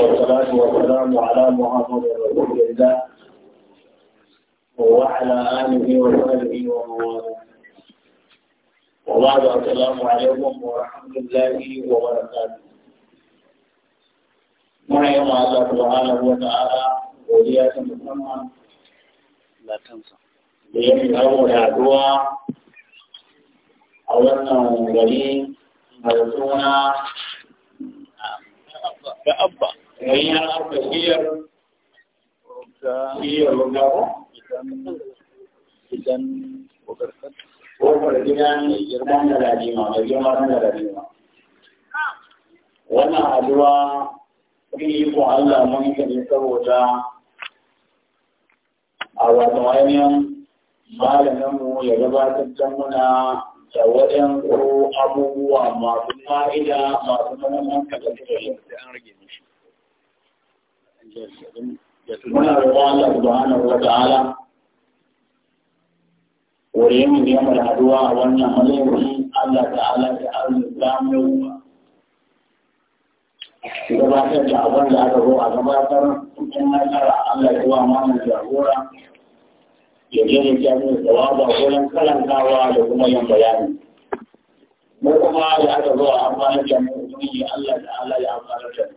والصلاة والسلام على محمد رسول الله وعلى آله وصحبه ومن والاه وبعد السلام عليكم ورحمة الله وبركاته ما يوم الله سبحانه وتعالى وليات مسمى لا تنسى لأن الأول أدواء أولنا من قليل مرسونا كأبا نعم. idan na aka shiyar shiyar rugawa idan kofar gidan girman da lalima da girman da lalima wannan haduwa yi ko Allah mun yi saboda a wata ainihin malaminmu ya gabatar da muna da waɗansu abubuwa masu fa'ida masu kasance da suke muna roƙon Allah subhanahu wa ta'ala wuri mu ne mu da haduwa a wannan malaikun Allah ta'ala da arzuta mu gabatar da abin da aka zo a gabatar cikin nasara Allah ya wa mana jagora ya je ya jami da tsawaba wurin karantawa da kuma yin bayani mu kuma da aka zo a amfani da mu Allah ta'ala ya amfani da mu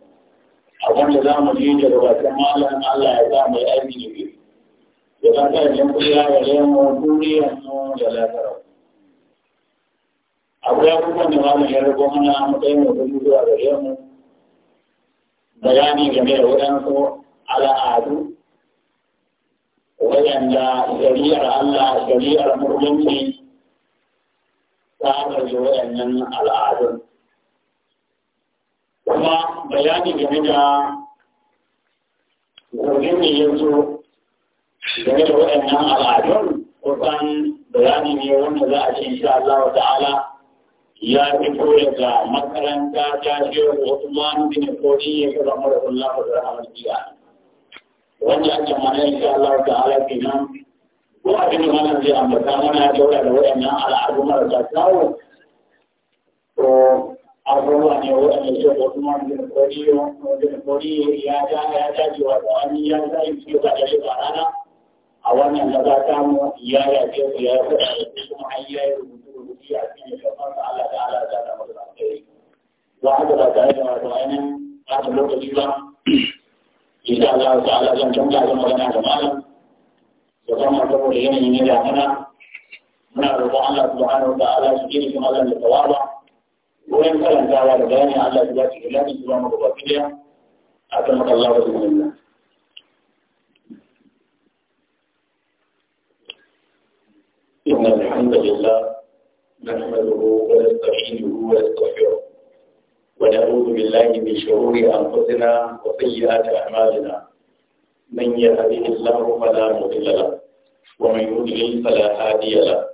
abin da za mu yi da rubatan malam Allah ya sa mu yi aiki da shi ya ba ta yin kuya ya lemo duniyar mu da lafiya akwai abubuwan da malam ya rubo mana mu kai mu gudu zuwa gare mu bayani game da waɗansu al'adu waɗanda shari'ar Allah shari'ar musulunci ta ɗauki waɗannan al'adun kuma bayani game da zargin da ya zo game da waɗannan al'adun kusan bayani ne wanda za a ce insha Allah wa ta'ala ya koya ga makaranta ta ce Usman bin Kodi ya ga Rasulullah sallallahu alaihi wasallam wanda ake mana insha Allah wa ta'ala kenan ko abin da mana zai ambata mana ya daura da waɗannan al'adu marasa kawo abubuwa ne waɗanda da kuma wajen ya ta a wannan da ta mu ya ya kuma ya yi rubutu a cikin shafan Allah ta Allah ta samu da kai wa haka ba tare da wato ba ta lokaci ba Allah ta saboda ne muna Allah kuma Allah da tawaba wurin كان da bayanin على ذات zaki ila ne zuwa الله ba fidiya إن الحمد لله نحمده ونستعينه ونستغفره ونعوذ بالله من شرور أنفسنا وسيئات أعمالنا من يهده الله فلا مضل له ومن يضلل فلا هادي له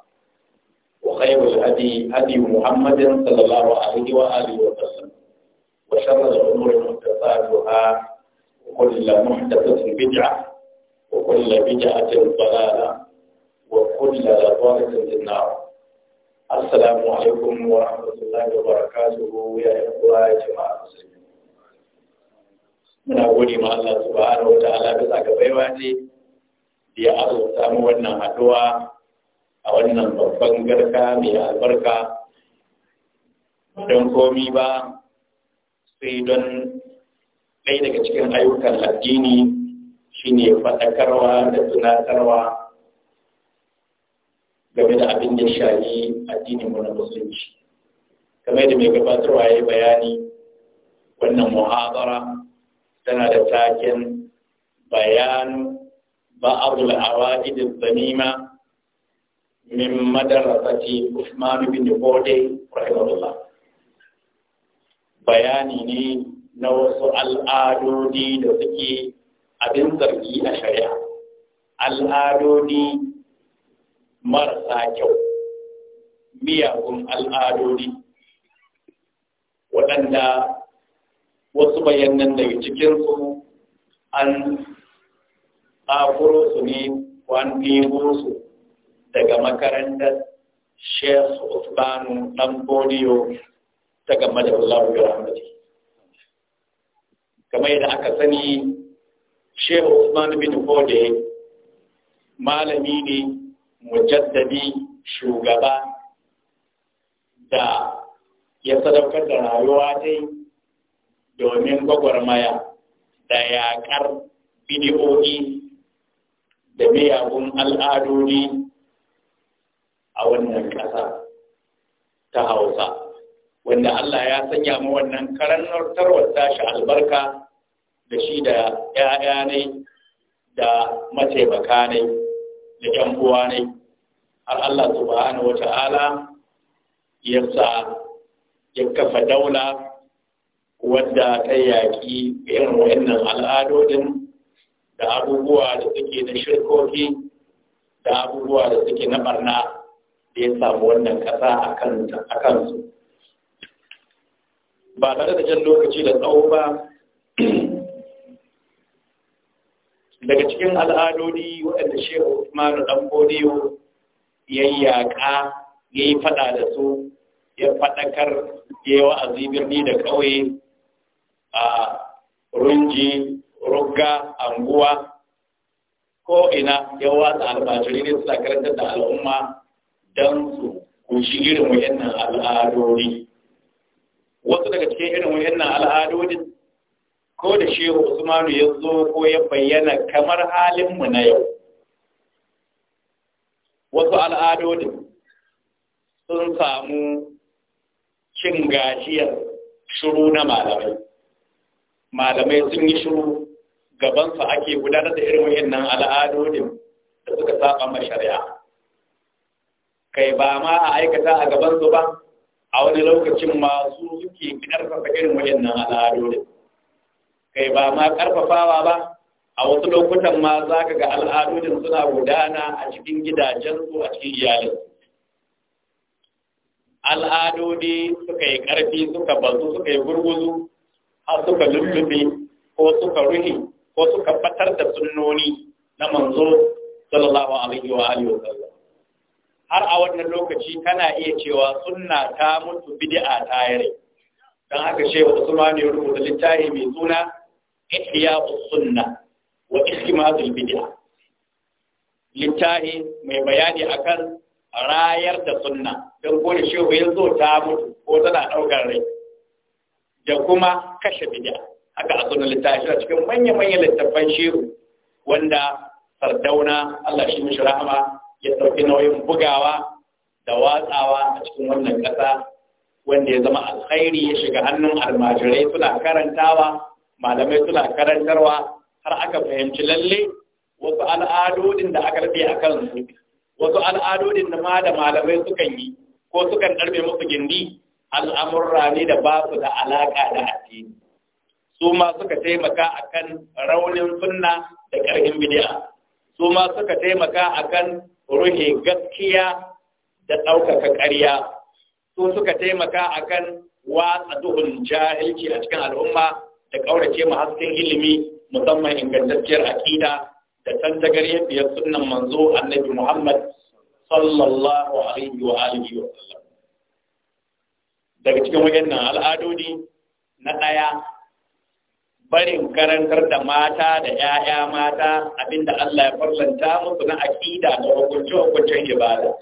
وخير الهدي هدي محمد صلى الله عليه وآله وسلم وشر الأمور محدثاتها وكل محدثة بدعة وكل بدعة ضلالة وكل ضلالة في النار السلام عليكم ورحمة الله وبركاته يا إخوة جماعة المسلمين من gode ما الله سبحانه وتعالى ta'ala bisa ga baiwa ce da ya a wannan babban garka mai albarka don komi ba sai don ɗaya daga cikin ayyukan addini shine faɗakarwa da tunatarwa game da abin da shayi addinin mu na musulunci kamar da mai gabatarwa ya bayani wannan muhabara tana da taken bayan ba'adul awa'id zamima min madarasati Usman bin Bode rahimahullah bayani ne na wasu al'adodi da suke abin zargi a shari'a al'adodi marasa kyau miyagun al'adodi waɗanda wasu bayanan daga cikinsu an tsakuro su ne ko an fi su daga makarantar Sheikh Usmanu dan Bodiyo daga gama da yadda aka sani Sheikh Usman bin Bode malami ne mujaddadi shugaba da ya sadaukar da rayuwa dai domin gwagwarmaya da yaƙar bidiyoyi da miyagun al'adodi a wannan ƙasa ta hausa wanda Allah ya sanya ma wannan karantar tarwar tashi albarka da shi da ‘ya'ya ne da mataimaka ne da ‘yan ne har Allah subhanahu wa ta'ala ya sa ya kafa daula wadda ta yaƙi irin wa'annan al'adodin da abubuwa da suke na shirkoki da abubuwa da suke na ɓarna. da ya samu wannan ƙasa a kansu ba tare da jan lokaci da tsawo ba daga cikin al'adodi waɗanda shehu usmanu dan bodiyo ya yaƙa ya yi faɗa da su ya faɗakar ya yi wa'azi birni da ƙauye a runji rugga anguwa ko ina ya watsa almajirai ne karantar da al'umma don ku shi irin wayannan al'adori wasu daga cikin irin wayannan al'adorin ko da shehu usmanu ya zo ko ya bayyana kamar halinmu na yau wasu al'adodin sun samu cin gajiyar shuru na malamai malamai sun yi shuru gabansa ake gudanar da irin wayannan al'adodin da suka saba ma shari'a kai ba ma a aikata a gabansu ba a wani lokacin masu suke ƙarfafa irin waɗannan al'adodin kai ba ma ƙarfafawa ba a wasu lokutan ma za ka ga al'adodin suna gudana a cikin gidajensu a cikin iyalin al'adodi suka yi ƙarfi suka bazu suka yi gurguzu har suka lullube ko suka ruhi ko suka fatar da sunnoni na manzo sallallahu alaihi wa alihi wa sallam har a wannan lokaci kana iya cewa sunna ta mutu bid'a ta yare dan haka shehu Usman ya rubuta littafi mai suna Ihya sunna wa Ikhmadul bid'a littafi mai bayani akan rayar da sunna dan ko da shehu ya ta mutu ko tana daukar rai da kuma kashe bid'a haka a sunan littafi cikin manya-manyan littafan shehu wanda sardauna Allah shi mishi rahama ya ɗauki nauyin bugawa da watsawa a cikin wannan ƙasa wanda ya zama alkhairi ya shiga hannun almajirai suna karantawa malamai suna karantarwa har aka fahimci lalle wasu al'adodin da aka rufe a kansu wasu al'adodin da ma da malamai sukan yi ko sukan ɗarbe musu gindi al'amurra ne da ba su da alaƙa da addini su ma suka taimaka a kan raunin sunna da ƙarfin bidiya su ma suka taimaka a kan. ruhe gaskiya da ɗaukaka ƙarya su suka taimaka a kan watsa duhun jahilci a cikin al'umma da ƙaurace mu hasken ilimi musamman ingantacciyar aƙida da tantagariyar biyar sunan manzo annabi Muhammad sallallahu alaihi wa alihi wa sallam daga cikin waɗannan al'adodi na ɗaya barin karantar da mata da 'ya'ya mata abinda Allah ya farlanta musu na aƙida da hukunci hukuncin ibada.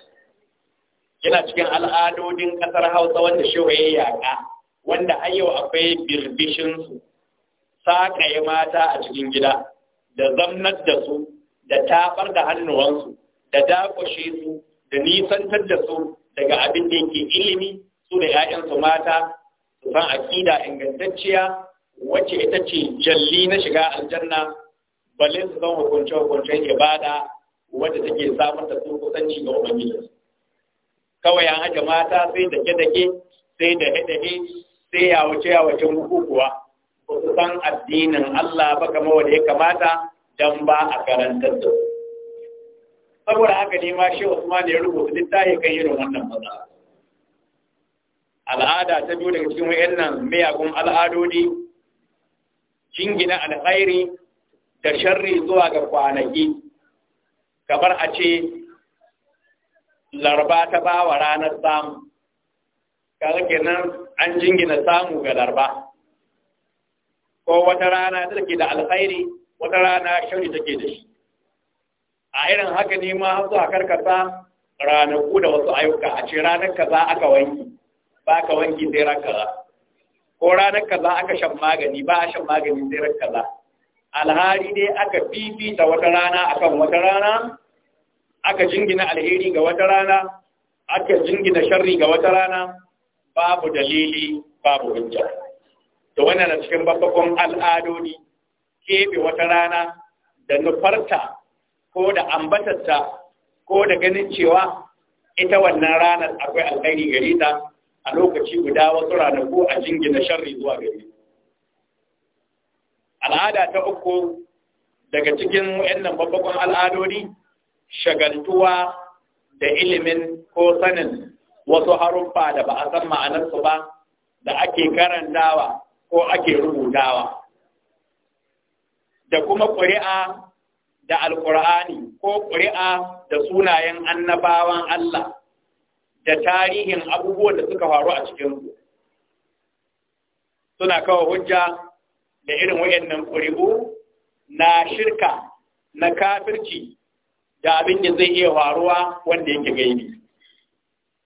Yana cikin al'adodin ƙasar Hausa wanda shehu ya yaƙa, wanda har akwai birbishinsu, saƙaye mata a cikin gida, da zamnar da su, da tafar da hannuwansu, da dakushe su, da nisantar da su daga abin da yake ilimi su da 'ya'yansu mata, su san aƙida ingantacciya wacce ita ce jalli na shiga aljanna balin su zan hukunce hukuncen ibada wadda take samun da su kusanci ga umarni kawai an haja mata sai da ke dake sai da hede sai ya wuce ya wuce hukukuwa ba san addinin Allah ba kamar wanda ya kamata dan ba a karantar da saboda haka ne ma shi Usman ya rubuta littafi kan irin wannan maza. al'ada ta biyu daga cikin wayannan miyagun al'adodi jingina alkhairi da sharri zuwa ga kwanaki kamar a ce larba ta ba wa ranar samu kaga kenan an jingina samu ga larba ko wata rana da take da alkhairi wata rana sharri take da shi a irin haka ne ma har zuwa karkata ranaku da wasu ayyuka a ce ranar kaza aka wanki ba ka wanki sai ranka kaza ko ranar kaza aka shan magani ba a shan magani sai ran kaza alhari dai aka fifita wata rana akan wata rana aka jingina alheri ga wata rana aka jingina sharri ga wata rana babu dalili babu hujja to wannan na cikin babbakon al'adodi kebe wata rana da nufarta ko da ambatarta ko da ganin cewa ita wannan ranar akwai alkhairi gare ta a lokaci guda wasu ranaku a jingina sharri zuwa gari al'ada ta uku daga cikin wayannan babbakon al'adori, shagaltuwa da ilimin ko sanin wasu haruffa da ba a san ma'anarsu ba da ake karantawa ko ake rubutawa da kuma ƙuri'a da alƙur'ani ko ƙuri'a da sunayen annabawan Allah da tarihin abubuwan da suka faru a cikin cikinsu suna kawo hujja da irin wayannan ƙuri'u na shirka na kafirci da abin da zai iya faruwa wanda yake gaini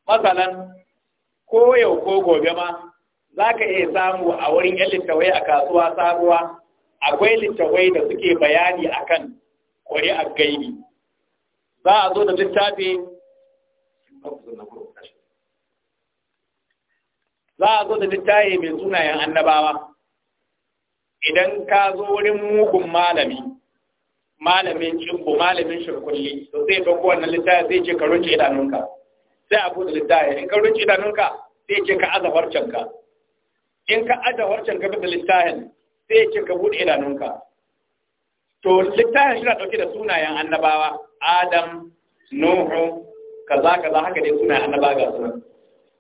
masalan ko yau ko gobe ma za ka iya samu a wurin yan littawai a kasuwa sabuwa akwai littawai da suke bayani akan ƙuri'ar gaini za a zo da littafi za a zo da littaye mai sunayen annabawa idan ka zo wurin mugun malami malamin cinko malamin shirkulli to zai ɗauko wannan littaye zai ce ka runce idanunka sai a buɗe littaye in ka runce idanunka sai ce ka aza warcanka in ka aza warcanka bisa littayen sai ce ka buɗe idanunka to littayen shi na ɗauke da sunayen annabawa adam nuhu kaza kaza haka dai suna annaba ga sunan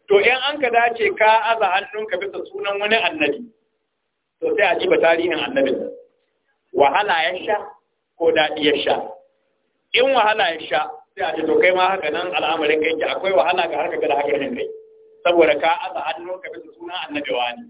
to in an ka dace ka aza hannunka bisa sunan wani annabi to sai a jiba tarihin annabin wahala ya sha ko daɗi ya sha in wahala ya sha sai a ce to kai ma haka nan al'amarin kai ki akwai wahala ga harka da haka kai saboda ka aza hannunka bisa sunan annabi wani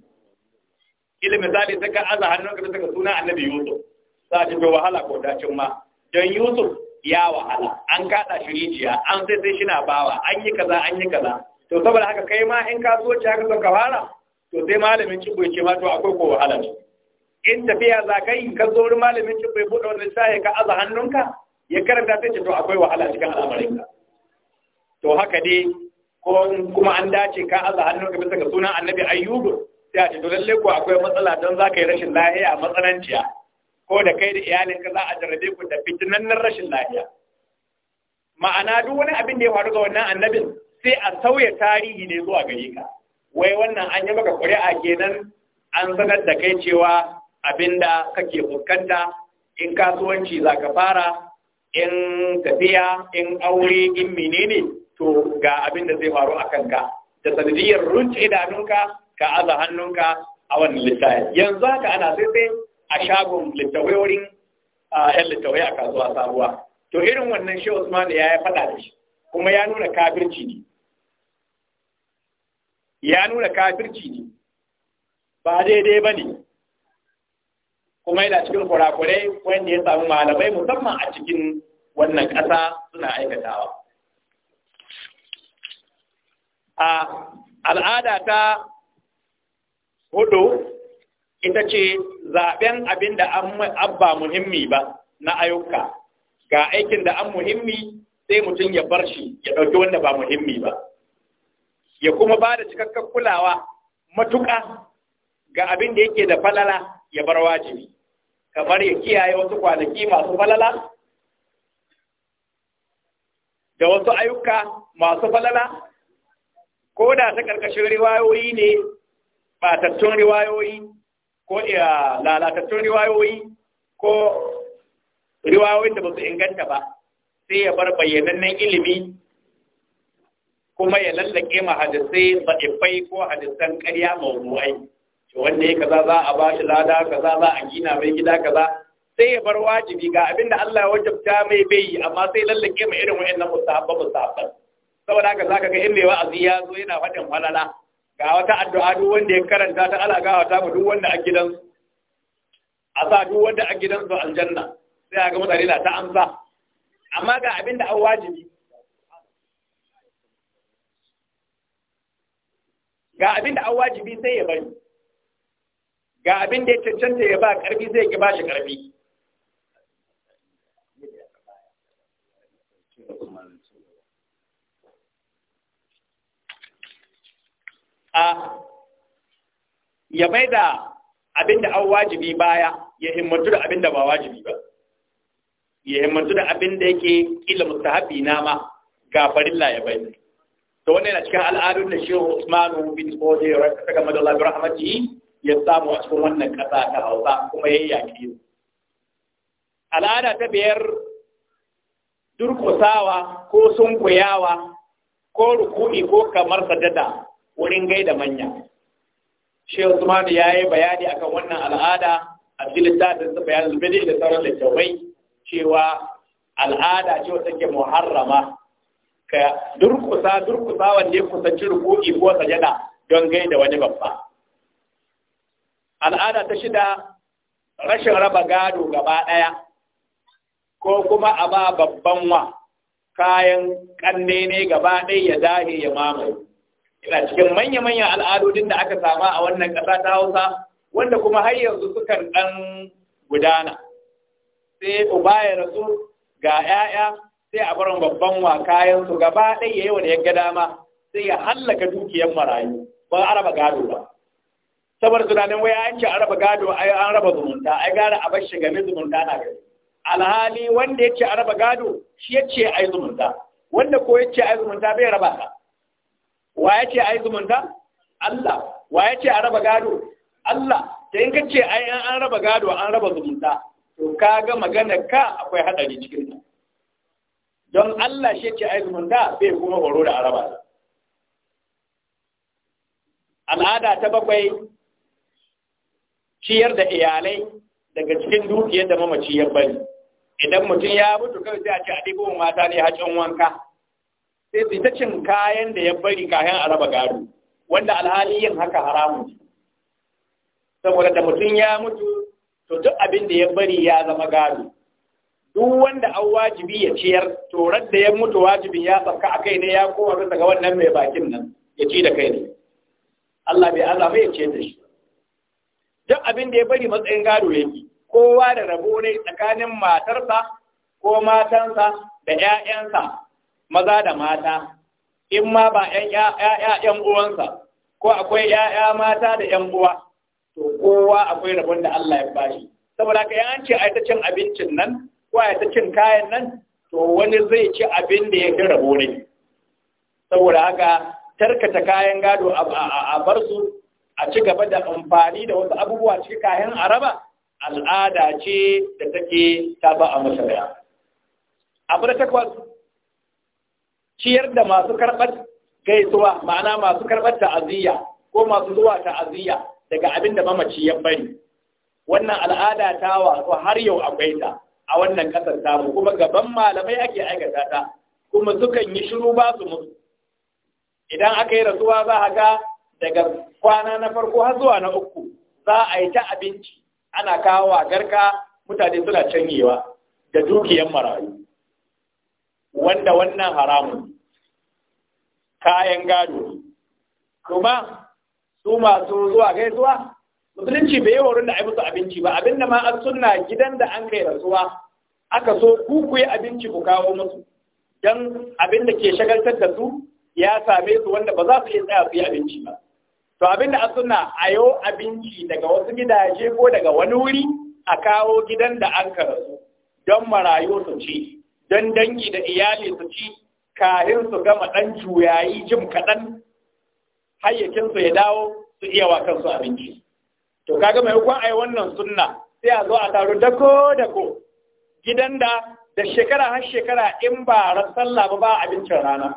kila misali sai ka aza hannunka bisa sunan annabi yusuf sai a ce to wahala ko dacin ma don yusuf ya wahala an kada shi rijiya an sai sai shi na bawa an yi kaza an yi kaza to saboda haka kai ma in ka ci haka zo ka fara to sai malamin cibo ya ce ma to akwai ko wahala ne in tafiya za ka yi ka zo wurin malamin cibo ya buɗe wani ya ka aza hannunka ya karanta sai ce to akwai wahala cikin al'amarinka to haka dai ko kuma an dace ka aza hannunka bisa ga sunan annabi ayyubu sai a ce to lalle ko akwai matsala don za ka yi rashin lahiya matsananciya ko da kai da iyalinka za a jarrabe ku da fitinannin rashin lafiya ma'ana duk wani abin da ya faru ga wannan annabin sai a sauya tarihi ne zuwa gare ka wai wannan an yi maka ƙuri'a kenan an sanar da kai cewa abin da kake fuskanta in kasuwanci za ka fara in tafiya in aure in menene to ga abin da zai faru a kanka da sanadiyar runce idanunka ka aza hannunka a wannan littafi yanzu haka ana sai sai a shagon littawai wurin yan littawai a kasuwa sabuwa to irin wannan shi Usman ya yi faɗa da shi kuma ya nuna kafirci ne ya nuna kafirci ne ba daidai ba ne kuma yana cikin kurakurai wanda ya samu malamai musamman a cikin wannan ƙasa suna aikatawa a al'ada ta hudu ita ce zaɓen abin da an ba muhimmi ba na ayyuka ga aikin da an muhimmi sai mutum ya bar shi ya ɗauki wanda ba muhimmi ba ya kuma ba da cikakken kulawa matuƙa ga abin da yake da falala ya bar wajibi kamar ya kiyaye wasu kwanaki masu falala da wasu ayyuka masu falala ko da ta ƙarƙashin riwayoyi ne ɓatattun riwayoyi ko iya lalatattun riwayoyi ko riwayoyin da ba su inganta ba sai ya bar bayyanannen ilimi kuma ya lallake ma hadisai zaɓaɓɓai ko hadisan ƙarya mawuwai wanda ya kaza za a ba shi lada kaza za a gina mai gida kaza sai ya bar wajibi ga abin da Allah ya wajabta mai bai amma sai lallake ma irin wa'annan musabba musabba saboda haka zaka ga in mai wa'azi ya zo yana faɗin falala ga wata addu'a duk wanda ya karanta ta ga wata mu duk wanda a gidan a sa duk wanda a gidan gidansu aljanna sai a ga mutane na ta amsa amma ga abin da an wajibi ga abin da an wajibi sai ya bari ga abin da ya cancanta ya ba karfi sai ya ki ba shi karfi a ya mai da abin da an wajibi baya ya himmatu da abin da ba wajibi ba ya himmatu da abin da yake kila mustahabi na ma ga farilla ya bai to wannan yana cikin al'adun da shehu usmanu bin fodi ya saka madalla bi ya samu a cikin wannan kasa ta hausa kuma ya yaki al'ada ta biyar durkusawa ko sunkuyawa ko ruku'i ko kamar sadada wurin gaida manya shi Usman ya yi bayani akan wannan al'ada a cikin littafin sa bayan zubidi da sauran littafai cewa al'ada ce wata ke muharrama ka durkusa durkusa wanda ya kusanci ruku'i ko sajada don gaida wani babba al'ada ta shida rashin raba gado gaba ɗaya ko kuma a ba babban wa kayan ƙanne ne gaba ɗaya ya zahe ya mamaye yana cikin manya-manyan al'adodin da aka sama a wannan ƙasa ta hausa wanda kuma har yanzu sukan ɗan gudana sai uba ya rasu ga 'ya'ya sai a barin babban wa kayansu gaba ɗaya yawa da ya ga dama sai ya hallaka dukiyar marayu ba a raba gado ba saboda tunanin waya an ce an raba gado ai an raba zumunta ai gara a bar game zumunta na gari alhali wanda ya ce an raba gado shi ya ce ai zumunta wanda ko ya ce ai zumunta bai raba ka wa ya ce ai zumunta Allah wa ya ce a raba gado Allah Ta in kace ai an raba gado an raba zumunta to ga magana ka akwai hadari cikin ta don Allah shi ce ai zumunta bai kuma horo da araba al'ada ta bakwai ciyar da iyalai daga cikin dukiyar da mamaci ya bari idan mutum ya mutu kawai sai a ce a ɗibo mata ne can wanka sai su cin kayan da ya bari kayan a raba gado wanda alhali yin haka haramun saboda da mutum ya mutu to duk abin da ya bari ya zama gado duk wanda an wajibi ya ciyar to da ya mutu wajibi ya sauka a kai ne ya koma daga wannan mai bakin nan ya ci da kai ne Allah bai azaba ya ce da shi duk abin da ya bari matsayin gado ya yi kowa da rabo ne tsakanin matarsa ko matansa da 'ya'yansa maza da mata in ma ba ‘yan uwansa ko akwai ‘ya'ya mata da ‘yan uwa to kowa akwai rabon da Allah ya bashi saboda ka an ce a ta cin abincin nan ko a ta cin kayan nan to wani zai ci abin da ya fi rabo ne saboda haka tarkata kayan gado a bar su a ci gaba da amfani da wasu abubuwa cikin kayan araba al'ada ce da take ta ba a masarya abu da takwas ciyar da masu karɓar gaisuwa ma'ana masu karɓar ta'aziyya ko masu zuwa ta'aziyya daga abin da mamaci ya bari wannan al'ada ta wato har yau akwai ta a wannan ƙasar tamu kuma gaban malamai ake aikata ta kuma sukan yi shiru ba su mutu idan aka yi rasuwa za a ga daga kwana na farko har zuwa na uku za a yi ta abinci ana kawo garka mutane suna canyewa da dukiyan marayu wanda wannan haramun kayan gado kuma su masu zuwa zuwa, musulunci bai yi wurin da ai musu abinci ba abin da ma an sunna gidan da an kai rasuwa aka so ku ku yi abinci ku kawo musu dan abin da ke shagaltar da su ya same su wanda ba za su yi tsaya su yi abinci ba to abin da an sunna a yau abinci daga wasu gidaje ko daga wani wuri a kawo gidan da an karatu, don marayu su ci don dangi da iyali su ci kahin su gama ɗan juyayi jim kaɗan su ya dawo su iya wa kansu abinci to kaga mai a ai wannan sunna sai a zo a taro dako dako gidan da da shekara har shekara in ba ran sallah ba ba abincin rana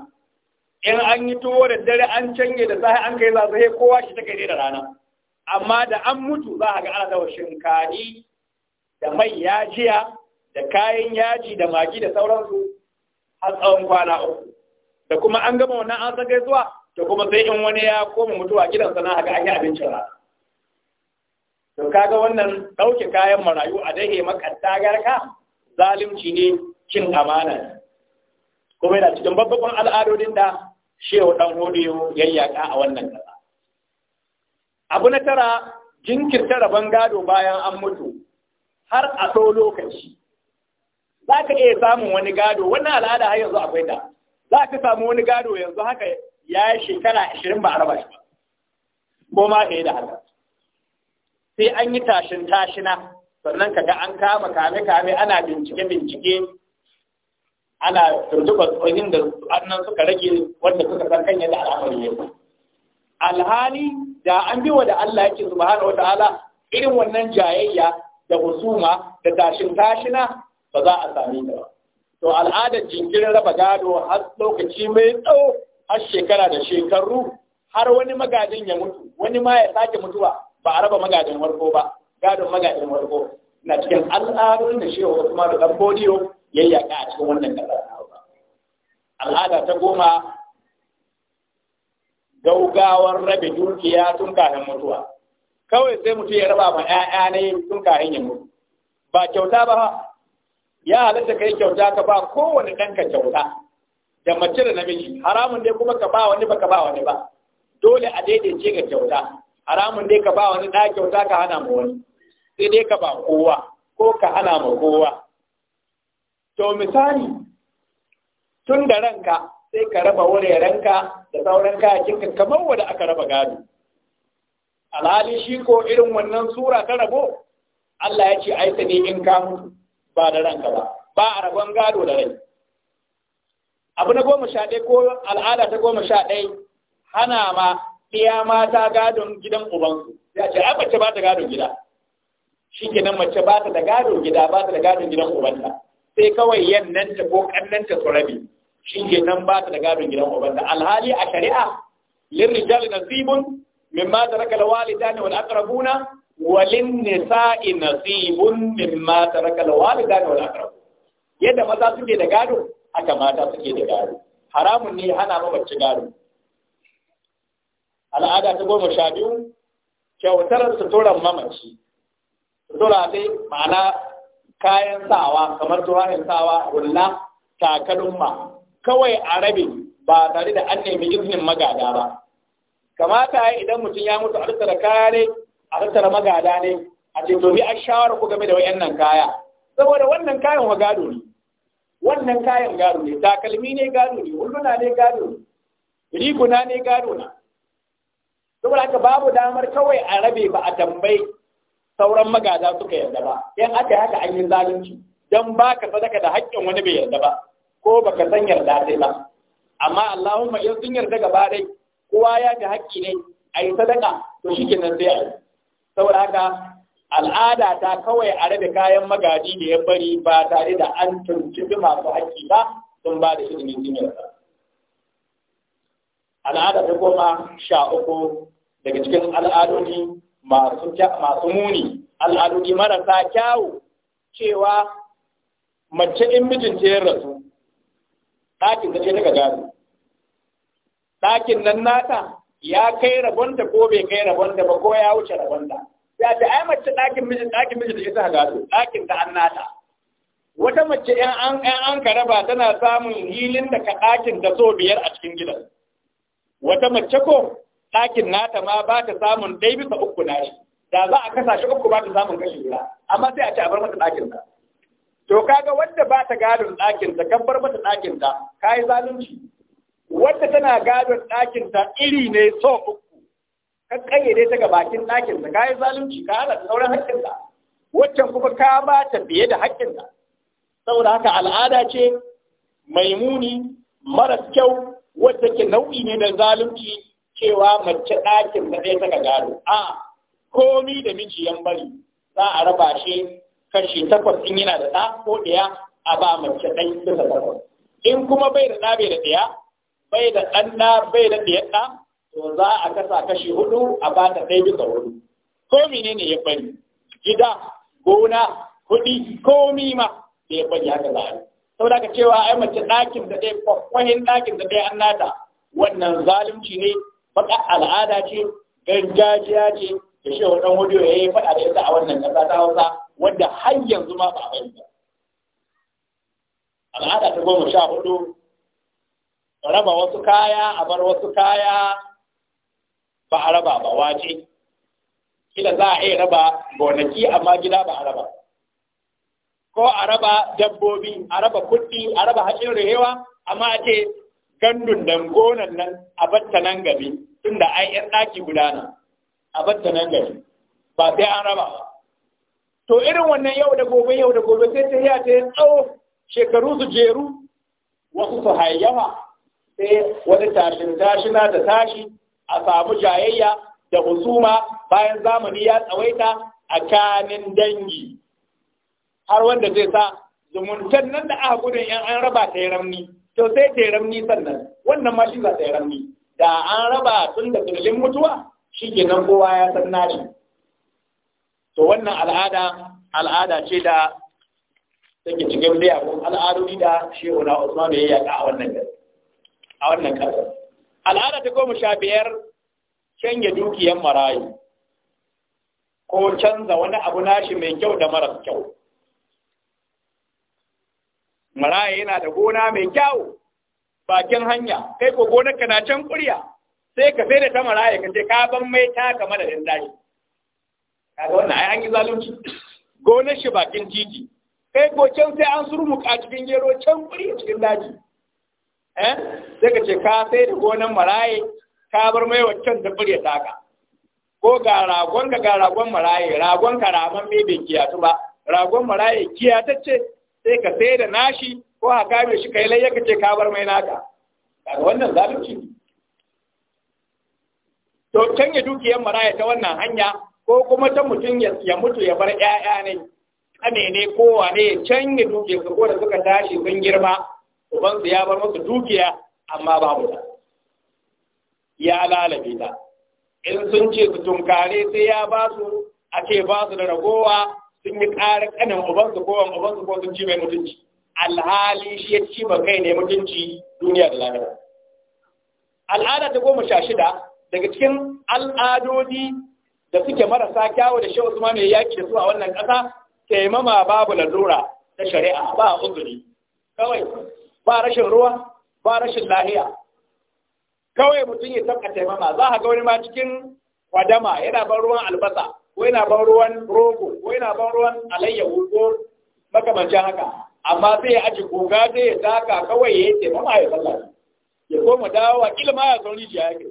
in an yi tuwo da dare an canje da sahi an kai zazahe kowa shi take da rana amma da an mutu za a ga ana da shinkari da mai yajiya da kayan yaji da magi da sauransu har tsawon kwana uku da kuma an gama wannan an san zuwa? da kuma sai in wani ya koma mutuwa gidan na haka an yi abincin rana to kaga wannan ɗauke kayan marayu a dai maka tagarka zalunci ne cin amana ne kuma yana cikin babban al'adodin da shehu dan hodiyo yayyaka a wannan kasa abu na tara jinkirta rabon gado bayan an mutu har a ɗau lokaci za ka iya samun wani gado wannan al'ada har yanzu akwai ta za ka samu wani gado yanzu haka ya yi shekara ashirin ba a raba shi ba ko ma ka yi da haka sai an yi tashin tashina sannan ga an kama kame kame ana bincike bincike ana tuntuɓa tsohin da annan suka rage wanda suka san kan yadda al'amari yake alhali da an biwa da Allah yake subhanahu wataala irin wannan jayayya da husuma da tashin tashina ba za a sami ta ba to al'adar jinkirin raba gado har lokaci mai tsawo har shekara da shekaru har wani magajin ya mutu wani ma ya sake mutuwa ba a raba magajin warko ba gadon magajin warko na cikin al'adun da shi shehu Usman da Kambodiyo ya a cikin wannan kasar al'ada ta goma gaugawar rabe dukiya tun kafin mutuwa kawai sai mutum ya raba ma 'ya'ya ne tun kafin ya mutu ba kyauta ba ya halatta kai kyauta ka ba kowane ka kyauta da mace da namiji haramun dai kuma ka ba wani baka ba wani ba dole a daidaice ga kyauta haramun dai ka ba wani ɗa kyauta ka hana ma wani sai dai ka ba kowa ko ka hana ma kowa to misali tun da ranka sai ka raba ranka, da sauran kayakinka kamar wanda aka raba gado alhali shi ko irin wannan sura ta rabo Allah ya ce aita ne in ka mutu ba da ranka ba ba a rabon gado da rai abu na goma sha ɗaya ko al'ada ta goma sha ɗaya hana ma ɗiya mata gadon gidan ubansu ya ce a mace ba ta gadon gida shi nan mace ba ta da gadon gida ba ta da gadon gidan ubanta sai kawai yannanta ko kannanta su rabi. shi nan ba ta da gadon gidan ubanta alhali a shari'a lirrijal nasibun mimma taraka alwalidani wal aqrabuna walin nisa'i nasibun mimma taraka alwalida wal aqrab yadda maza suke da gado haka mata suke da gado haramun ne hana ma mace gado al'ada ta goma sha biyu kyautar suturan mamaci sutura dai ma'ana kayan sawa kamar turayen sawa hulla takalma kawai a rabe ba tare da an nemi izinin magada ba kamata idan mutum ya mutu a da kare a tattara magada ne a ce to bi a shawara ku game da wayannan kaya saboda wannan kayan wa gado ne wannan kayan gado ne takalmi ne gado ne huluna ne gado ne riguna ne gado na saboda haka babu damar kawai a rabe ba a tambayi sauran magada suka yarda ba yan aka yi haka an yi zalunci dan baka sadaka da haƙƙin wani bai yarda ba ko baka san yarda sai ba amma Allahumma in sun yarda gaba dai kowa ya ji haƙƙi ne a yi sadaka to shi kenan sai a yi saboda haka al'ada ta kawai a rabe kayan magaji da ya bari ba tare da an tuntubi masu haƙƙi ba sun ba da izinin jinyarsa al'ada ta goma sha uku daga cikin al'adodi masu muni al'adodi marasa kyawu cewa mace in mijinta ya rasu ɗakin ta ce daga gado ɗakin nan nata ya kai rabonta ko bai kai rabonta ba ko ya wuce rabonta ya ta ai mace ɗakin miji dakin miji da ita gado ɗakin ta an nata wata mace ɗan an ɗan an karaba tana samun hilin da ka ɗakin da so biyar a cikin gidan wata mace ko ɗakin nata ma ba ta samun dai bisa uku na shi da za a kasa shi uku ba ta samun kashi guda amma sai a ce a bar mata dakin ta to kaga wanda ba ta gadon dakin ta kan bar mata dakin ta kai zalunci wadda tana gadon ɗakin ta iri ne so uku ka kayyade ta ga bakin ɗakin ta kayi zalunci ka hana sauran haƙƙin ta waccan kuma ka ba ta biye da haƙƙin ta saboda haka al'ada ce mai muni maras kyau wadda ke nau'i ne na zalunci cewa mace ɗakin ta ɗaya ta ga gado a komi da miji yan bari za a raba shi kashi takwas in yana da ɗa ko ɗaya a ba mace ɗan bisa in kuma bai da ɗa bai da ɗaya bai da ɗanna bai da to za a kasa kashi hudu a ba ta ɗaya bisa hudu ko ne ya bari gida gona kuɗi komi ma da ya bari haka za a yi da ka cewa ai mace ɗakin da ɗaya kwakwahin ɗakin da ɗaya an nata wannan zalunci ne baka al'ada ce gargajiya ce da shi wa ɗan hudu ya yi faɗa da ita a wannan ƙasa ta hausa wanda har yanzu ma ba a bari ba al'ada ta goma sha hudu raba wasu kaya a bar wasu kaya ba a raba ba wace kila za a iya raba gonaki amma gida ba a raba ko a raba dabbobi a raba kuɗi a raba hashin rehewa amma a ce gandun dan gonan nan a batta nan gabi tunda ai yan ɗaki gudana a batta nan gabi ba sai an raba ba to irin wannan yau da gobe yau da gobe sai ta yi ta tsawo shekaru su jeru wasu su hayayyawa sai wani tashin tashina da tashi a samu jayayya da husuma bayan zamani ya tsawaita a kanin dangi har wanda zai sa zumuntan nan da aka gudun yan an raba ta yi ramni to sai ta yi ramni sannan wannan ma shi za ta yi ramni da an raba tun da tsirilin mutuwa shi ke nan kowa ya san nashi to wannan al'ada al'ada ce da take cikin miyagun al'adodi da shehu na usman ya yaƙa a wannan gari a wannan kasar, al'ada ta goma sha biyar canja dukiyar marayu ko canza wani abu nashi mai kyau da maras kyau Marayu yana da gona mai kyau bakin hanya kai ko gonarka na can kurya sai ka sai da ta marayu ka ce ka ban mai taka madadin dashi kaga wannan ai an yi zalunci gonar shi bakin titi kai ko can sai an surmuka cikin gero can kurya cikin daji eh sai ka ce ka sai da gonan maraye ka bar mai waccan da ya taka ko ga ragon ga ragon maraye ragon karaman me bai kiyatu ba ragon maraye ce sai ka sai da nashi ko a kame shi kai lai ka ce ka bar mai naka daga wannan zalunci to canye dukiyar maraye ta wannan hanya ko kuma ta mutum ya mutu ya bar ƴaƴa ne kane ne kowa ne canye dukiyar ko da suka tashi sun girma ubansu ya bar musu dukiya amma babu ta ya lalabe ta in sun ce su tunkare sai ya ba su a ce ba su da ragowa sun yi ƙarar ƙanin ubansu ko wani ubansu ko sun ci mai mutunci alhali shi ya ci ba kai ne mutunci duniya da lafiya al'ada ta goma sha shida daga cikin al'adodi da suke marasa kyawu da shehu usman ya yaki da su a wannan ƙasa taimama babu lalura ta shari'a ba uzuri kawai ba rashin ruwa ba rashin lahiya kawai mutum ya tabka taimama za a ga wani ma cikin kwadama yana ban ruwan albasa ko yana ban ruwan rogo ko yana ban ruwan alayyahu ko makamancin haka amma sai ya aji goga zai ya taka kawai ya yi taimama ya sallah ya koma dawowa ilma ya zo rijiya ya ke.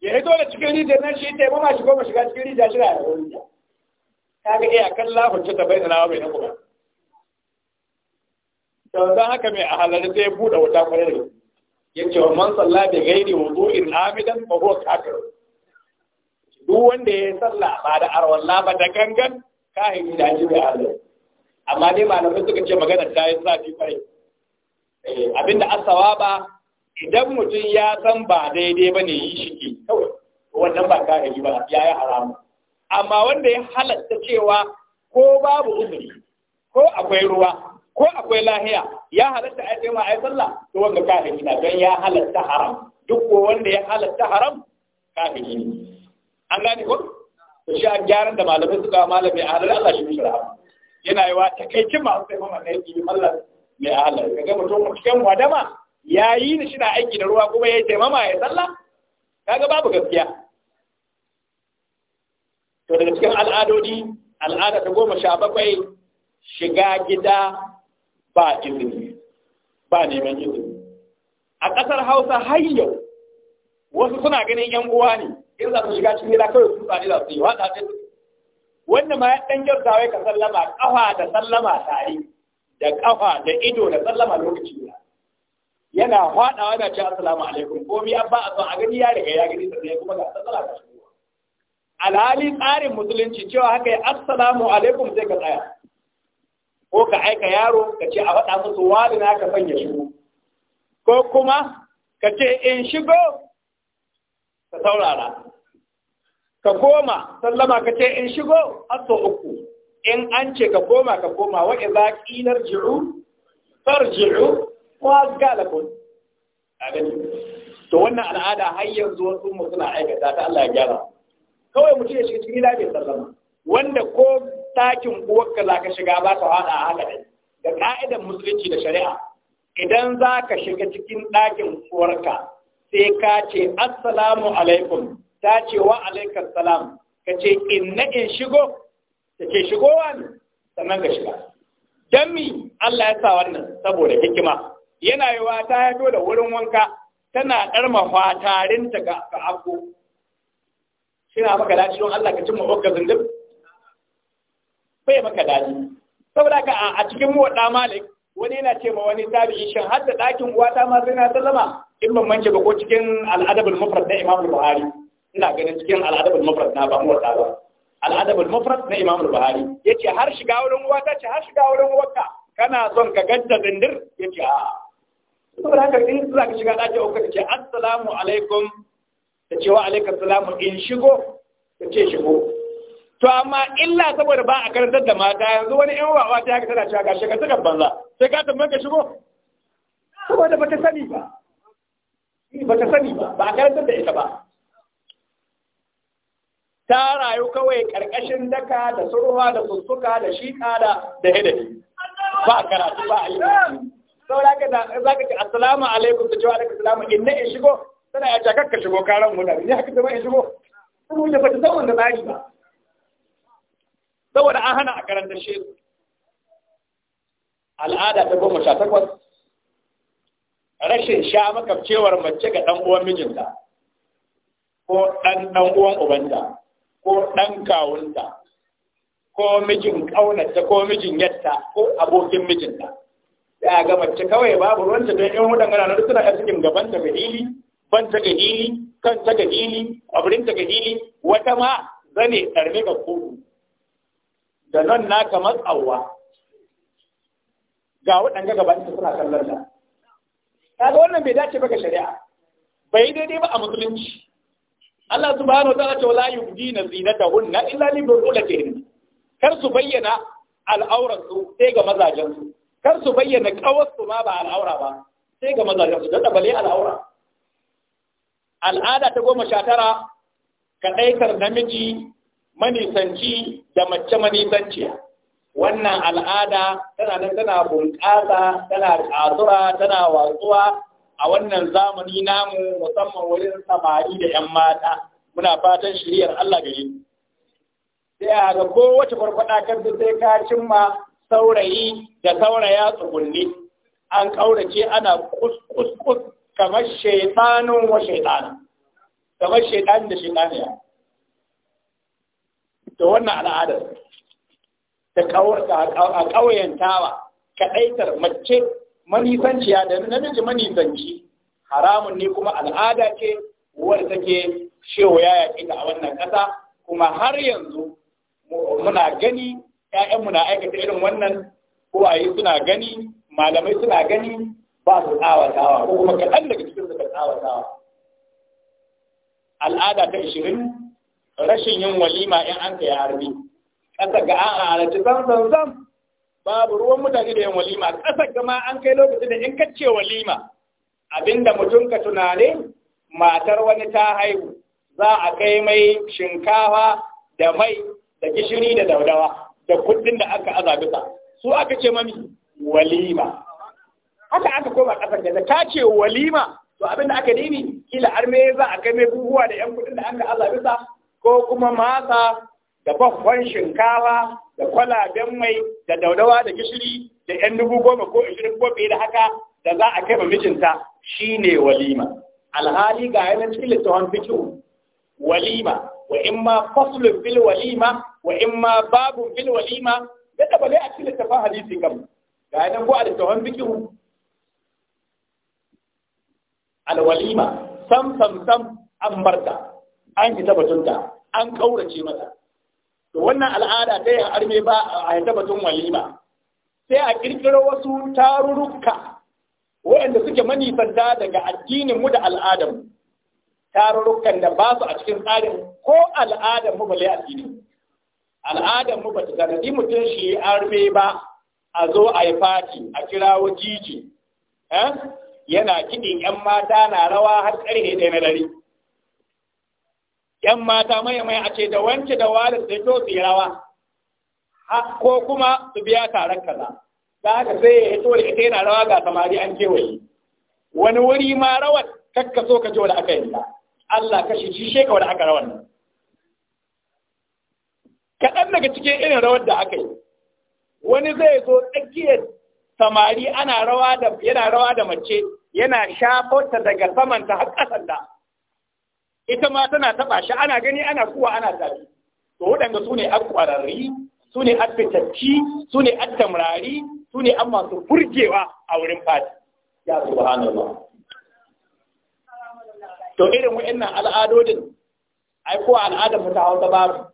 ya hito da cikin rijiyar nan shi taimama shi koma shiga cikin rijiya shi da ya zo rijiya ga iya kan lafunce ta bai da lawa bai na kuma to dan haka mai ahalar sai buɗe wutan kwarai yace wa man salla bi ghairi wudu'in amidan fa huwa kafir duk wanda ya salla ba da arwalla ba da gangan kahin ji da Allah amma dai malamai suka ce magana ta yi zafi kwarai eh, abinda asawa ba idan mutum ya san ba daidai ba ne yi shi ke kawai wannan ba kahiri ba ya yi haramu amma wanda ya halatta cewa ko babu uzuri ko akwai ruwa ko akwai lahiya ya halatta a yi ma'ai sallah to wanda kafin na don ya halatta haram duk ko wanda ya halatta haram kafin ne an gane ko to shi a gyaran da malamai suka malamai a halar Allah shi mishi rahama yana yi wa takaicin masu sai mamman na yi mallar mai halar kaga mutum cikin wadama ya yi ni shi na aiki da ruwa kuma ya taimama ya sallah kaga babu gaskiya to daga cikin al'adodi al'ada ta goma sha bakwai shiga gida ba ilimi ba neman ilimi a ƙasar hausa har yau wasu suna ganin yan uwa ne in za su shiga cikin gida kawai su tsani za su yi wata ce wanda ma ya ɗan gyarta wai ka sallama ƙafa da sallama tare da ƙafa da ido da sallama lokaci ya yana faɗawa yana ce assalamu alaikum ko mi abba a son a gani ya riga ya gani zai kuma ga sallama ta shigo alhali tsarin musulunci cewa haka ya assalamu alaikum sai ka tsaya ko ka aika yaro ka ce a faɗa musu wani na ka fanya shigo ko kuma ka ce in shigo ka saurara ka koma sallama ka ce in shigo har uku in an ce ka koma ka koma wa idza qila irji'u farji'u wa galakum to wannan al'ada har yanzu wasu mu suna aikata ta Allah ya gyara kawai mutum ya shiga cikin gida sallama wanda ko ɗakin uwarka za ka shiga ba ta hada a ne da ka'idan musulunci da shari'a idan za ka shiga cikin ɗakin kuwarka, sai ka ce assalamu alaikum ta ce wa alaikar salam ka ce inna in shigo ta ce shigowa ne sannan ka shiga don mi Allah ya sa wannan saboda hikima yana yiwa ta yato da wurin wanka tana ɗarma fatarinta ga afko shi na maka dace don Allah ka cimma ɓokka zindin bai maka dadi saboda ka a cikin muwadda malik wani yana ce ma wani tabi'i shin har da ɗakin uwata ma sai na sallama in ban mance ba ko cikin al'adabul mufrad na imam buhari ina ganin cikin al'adabul mufrad na ba muwadda ba al'adabul mufrad na imam buhari yace har shiga wurin uwata ce har shiga wurin uwarka kana son ka ganta zindir yace a'a saboda haka in za ka shiga ɗakin uku ka ce assalamu alaikum ta ce wa alaikum assalamu in shigo ta ce shigo to amma illa saboda ba a karantar da mata yanzu wani yan wawa ta haka tana cewa ga shi kasar banza sai ka tambayar ka shigo saboda ba ta sani ba ba ta sani ba ba a karantar da ita ba ta rayu kawai karkashin daka da surwa da sussuka da shiƙa da da hidari ba karatu ba a yi saboda ka za ka ce assalamu alaikum ta ce wa alaikum salamu inna in shigo tana ya cakar ka shigo karan mu da ni haka ba in shigo ba ta san wanda tsari ba saboda an hana a karanta shi al'ada ta goma sha takwas rashin sha makabcewar mace ga ɗan uwan mijinta ko ɗan ɗan uwan ubanta ko ɗan kawunta ko mijin ƙaunarta ko mijin yatta ko abokin mijinta da ga mace kawai babu ruwanta don yan hudan gana na suna yan cikin gaban ta ga ban ta gadili kan ta gadili abin ta gadili wata ma zane tsarme ga kudu da nan naka matsawa ga waɗanda gabanin suna kallar da kaga wannan bai dace ba ga shari'a bai daidai ba a musulunci Allah subhanahu wa ta'ala ce la yubdina hunna illa li burulatihin kar su bayyana al'auran su sai ga mazajen su kar su bayyana kawar su ma ba al'aura ba sai ga mazajen su da bale al'aura al'ada ta goma sha tara ka ɗaikar namiji manisanci da mace manisanciya wannan al'ada tana nan tana bunƙasa tana ƙasura tana watsuwa a wannan zamani namu musamman wurin samari da 'yan mata muna fatan shiriyar Allah gare mu sai a ga kowace farfada kan sai ka cimma saurayi da sauraya tsugunni an ƙaurace ana kuskus kamar shaitanin wa shaitanin kamar da shaitaniya da wannan al'adar ta a ƙauyen tawa kaɗaitar mace manisanciya da namiji manisanci haramun ne kuma al'ada ce wadda take shewa ya yaƙi a wannan ƙasa kuma har yanzu muna gani ‘ya'yanmu na aikata irin wannan uwaye suna gani malamai suna gani ba su tsawatawa ko kuma kaɗan daga cikin su tsawatawa al'ada ta ishirin rashin yin walima in an kai harbi ƙasa ga an halarci zan, zan, zan. babu ruwan mutane da yin walima ƙasa ga ma an kai lokacin da in kacce walima abinda mutum ka tunane matar wani ta haihu za a kai mai shinkafa da mai da gishiri da daudawa da kuɗin da aka aza bisa su aka ce mami walima haka aka koma ƙasar da ta ce walima to abinda aka nemi kila arme za a kai mai buhuwa da yan kuɗin da aka aza bisa ko kuma masa da bakwan shinkawa da kwalaben mai da daudawa da gishiri da yan dubu goma ko ishirin ko fiye da haka da za a kai mijinta shi ne walima alhali ga yanar cikin littafin fikihu walima wa in ma faslun bil walima wa in ma babun bil walima da bale a cikin littafin hadisi kam ga yanar ko a littafin fikihu alwalima sam sam sam an barta an ki tabbatunta an kaurace mata to wannan al'ada ta yi arme ba a yadda batun walima sai a kirkiro wasu tarurruka waɗanda suke manisanta daga addinin mu da al'adar tarurrukan da ba su a cikin tsarin ko al'adar mu bale addini al'adar mu bata sanadi mutum shi arme ba a zo a yi fati a kira wajiji eh? yana kiɗin 'yan mata na rawa har ƙarfe ɗaya na dare ‘yan mata mai mai a ce da wance da wani sai to su yi rawa, ko kuma su biya taron kaza, za ka sai ya hito da ita yana rawa ga samari an kewaye. Wani wuri ma rawar kakka so ka ji wani aka yi Allah ka shi sheka wani aka rawar Kaɗan daga cikin irin rawar da aka yi, wani zai zo tsakiyar samari ana rawa da yana rawa da mace yana shafauta daga samanta har ƙasanta. ita ma tana taɓa shi ana gani ana kuwa ana zafi to waɗanda su ne sune su ne atfitacci su ne su an masu burgewa a wurin fati ya ba. to irin wayannan al'adodin ai ko al'adar mu ta hausa babu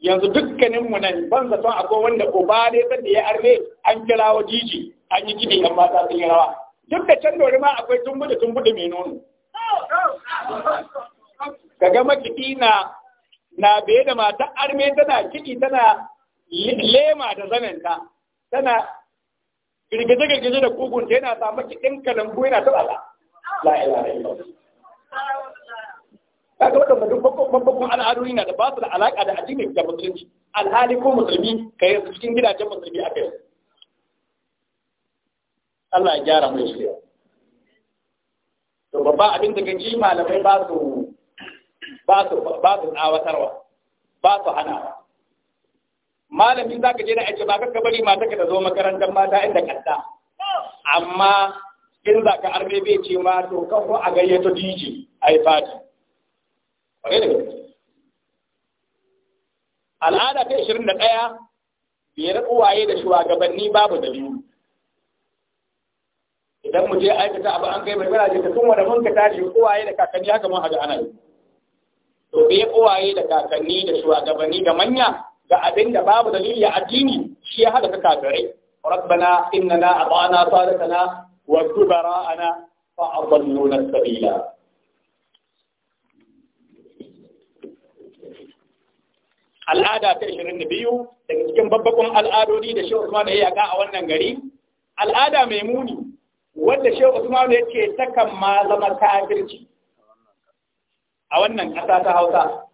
yanzu dukkanin mu nan ban zaton akwai wanda uba ne san da ya arme an kira wa jiji an yi mata sun yi rawa duk da can dori ma akwai tumbuɗe tumbuɗe mai nono kaga makiki na na biye da mata arme tana kiki, tana lema da zamanta, tana girgize girgize da kugunta yana sa maki ɗin kalambu yana ta tsala la ilaha illallah kaga wadanda duk babban al'adun na da ba su da alaƙa da addini da musulunci alhali ko musulmi ka yi cikin gidajen musulmi a kai Allah ya gyara mai shi to babba abin da kan malamai ba su ba su ba su ba su hana malamin zaka je na aiki ba ka bari mata ka zo makarantar mata inda kadda amma in za ka arbebe bai ce ma to kan ko a gayyato DJ yi fati al'ada ta ɗaya biyar uwaye da shugabanni babu dalili idan mu je aikata abu an kai barbara je ta tun wanda mun ka tashi uwaye da kakanni haka mun haga ana yi to bai kowaye da kakanni da shugabanni ga manya ga abin da babu dalili a addini shi ya halaka kafirai rabbana innana ata'na sadatana wa kubara'ana fa adalluna sabila al'ada ta 22 daga cikin babbakun al'adodi da Shehu Usman ya yaka a wannan gari al'ada mai muni wanda Shehu Usman ya ce takan ma zama kafirci a wannan ƙasa ta hausa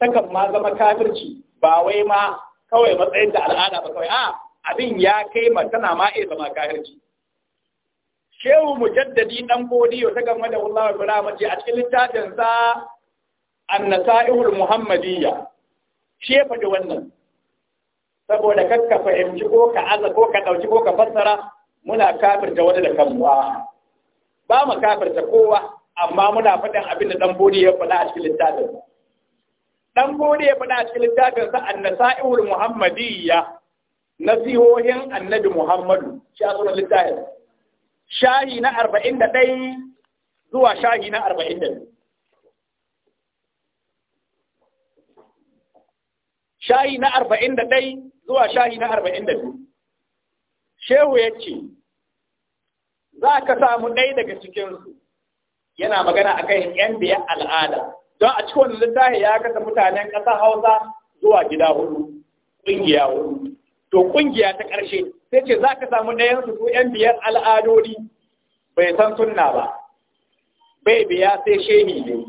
takan ma zama kafirci ba wai ma kawai matsayin da al'ada ba kawai a abin ya kai ma tana ma iya zama kafirci shehu mujaddadi ɗan godiyo ta game da wallahi bura mace a cikin littafin sa annasaihul muhammadiyya she faɗi wannan saboda kakka fahimci ko ka aza ko ka ɗauki ko ka fassara muna kafirta wani da kanmu ba mu kafirta kowa amma muna faɗin abin da dan bodi ya faɗa a cikin littafin dan bodi ya faɗa a cikin littafin sa annasa'ul muhammadiyya nasihohin annabi muhammadu shi a sunan littafin shahi na 41 zuwa shahi na 42 shahi na 41 zuwa shahi na 42 shehu ya ce za ka samu ɗaya daga cikinsu yana magana a kan ‘yan biyar al'ada don a cikin wani littafi ya kasa mutanen ƙasa hausa zuwa gida hudu ƙungiya hudu to ƙungiya ta ƙarshe sai ce za ka samu ɗayansu su ‘yan biyar al'adodi bai san sunna ba bai biya sai shehi ne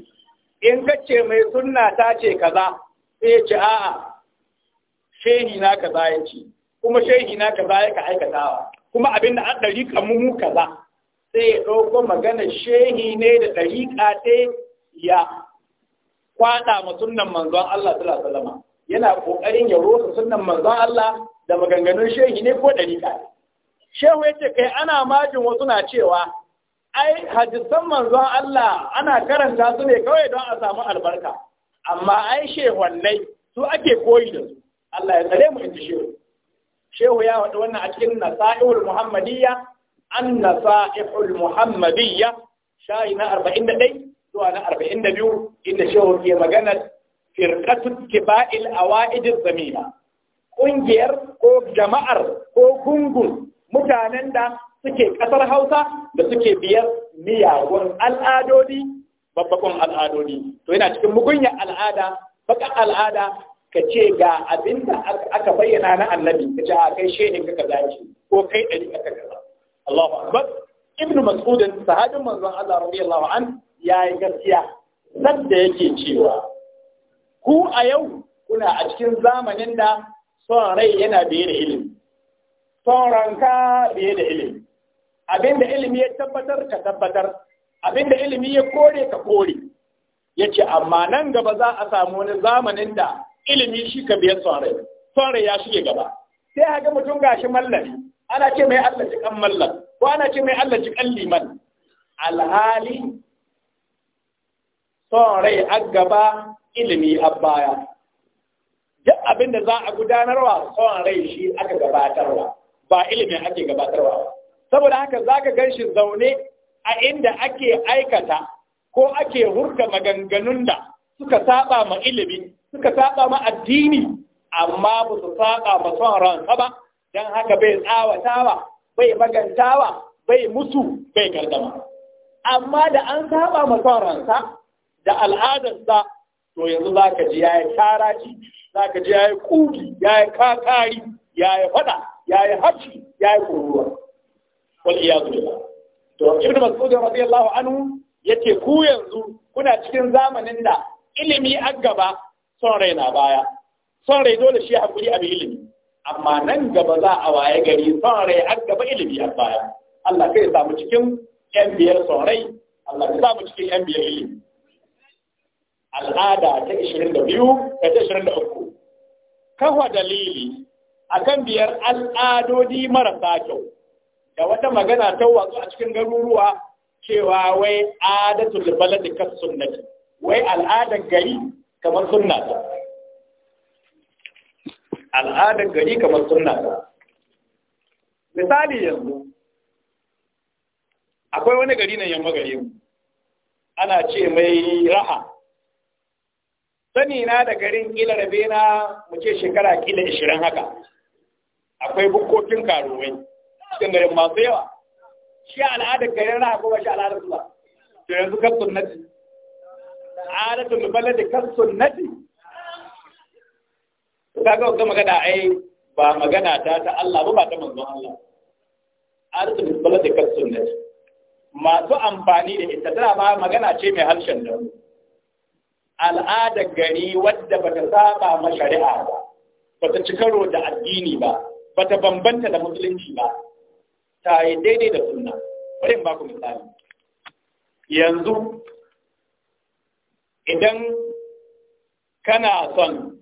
in ka ce mai sunna ta ce kaza sai ya ce a'a shehi na kaza ya ce kuma shehi na kaza ya ka aikatawa kuma abin da an ɗari mu kaza sai ya ɗauko magana shehi ne da ɗariƙa ya kwaɗa ma sunan manzon Allah sallallahu yana ƙoƙarin ya rosa sunan manzon Allah da maganganun shehi ne ko ɗariƙa shehu ya ce kai ana majin wasu na cewa ai hadisan manzon Allah ana karanta su ne kawai don a samu albarka amma ai shehwannai su ake koyi da su Allah ya tsare mu ji shehu shehu ya wata wannan a cikin nasa'ul muhammadiyya an nasa'ihul muhammadiyya shayi na 41 zuwa na 42 inda shehu ke magana firqatul kiba'il awaidiz zamina ƙungiyar ko jama'ar ko gungun mutanen da suke ƙasar Hausa da suke biyar miyagun al'adodi babbakon al'adodi to yana cikin mugunyar al'ada baka al'ada ka ce ga abin da aka bayyana na annabi ka ce a kai shehin ka kaza ko kai ɗari ka kaza Allahu akbar Ibn mas'ud sahabin manzon Allah radiyallahu an yayi gaskiya sanda yake cewa ku a yau kuna a cikin zamanin da son rai yana biye da ilimi son ranka biye da ilimi abinda ilimi ya tabbatar ka tabbatar abinda ilimi ya kore ka kore yace amma nan gaba za a samu wani zamanin da ilimi shi ka biye son rai son ya shige gaba sai ga mutum gashi mallami ana ce mai Allah jikan mallan ko ana ce mai Allah jikan liman alhali son rai a gaba ilimi a baya duk abin da za a gudanarwa son rai shi aka gabatarwa ba ilimi ake gabatarwa saboda haka za ka gan shi zaune a inda ake aikata ko ake hurka maganganun da suka saba ma ilimi suka saba ma addini amma ba su saba ma son ransa ba don haka bai tsawatawa bai magantawa bai musu bai gardama amma da an saba masaransa da al'adarsa to yanzu za ka ji ya yi karaci za ka ji ya yi kugi ya yi kakari ya yi fada ya yi hapshi ya yi kururuwa wal iyazu to ibnu mas'ud radiyallahu anhu yace ku yanzu kuna cikin zamanin da ilimi an gaba son rai na baya son rai dole shi hakuri abin ilimi amma nan gaba za a waye gari son har gaba ilimi a baya Allah kai samu cikin yan biyar son Allah ka samu cikin yan biyar ilimi al'ada ta 22 da ta 23 kawa dalili akan biyar al'adodi marasa kyau da wata magana ta watsu a cikin garuruwa cewa wai adatul da kas sunnati wai al'adar gari kamar sunna al'adar gari kamar sunna misali yanzu akwai wani gari na yamma gari mu ana ce mai raha sani na da garin kila rabe na mu ce shekara kila ishirin haka akwai bukkokin karuwai cikin garin masu yawa shi al'adar garin raha ko ba shi al'adar ba to yanzu kan sunnati al'adar muballar da kan sunnati Ka ga wata magana ai ba magana ta ta Allah ba ba ta manzon Allah arsul balad ka sunnati masu amfani da ita tana ma magana ce mai harshen da al'adar gari wadda ba ta saba ma shari'a ba ta ci karo da addini ba ba ta bambanta da musulunci ba ta yi daidai da sunna bari in baku misali yanzu idan kana son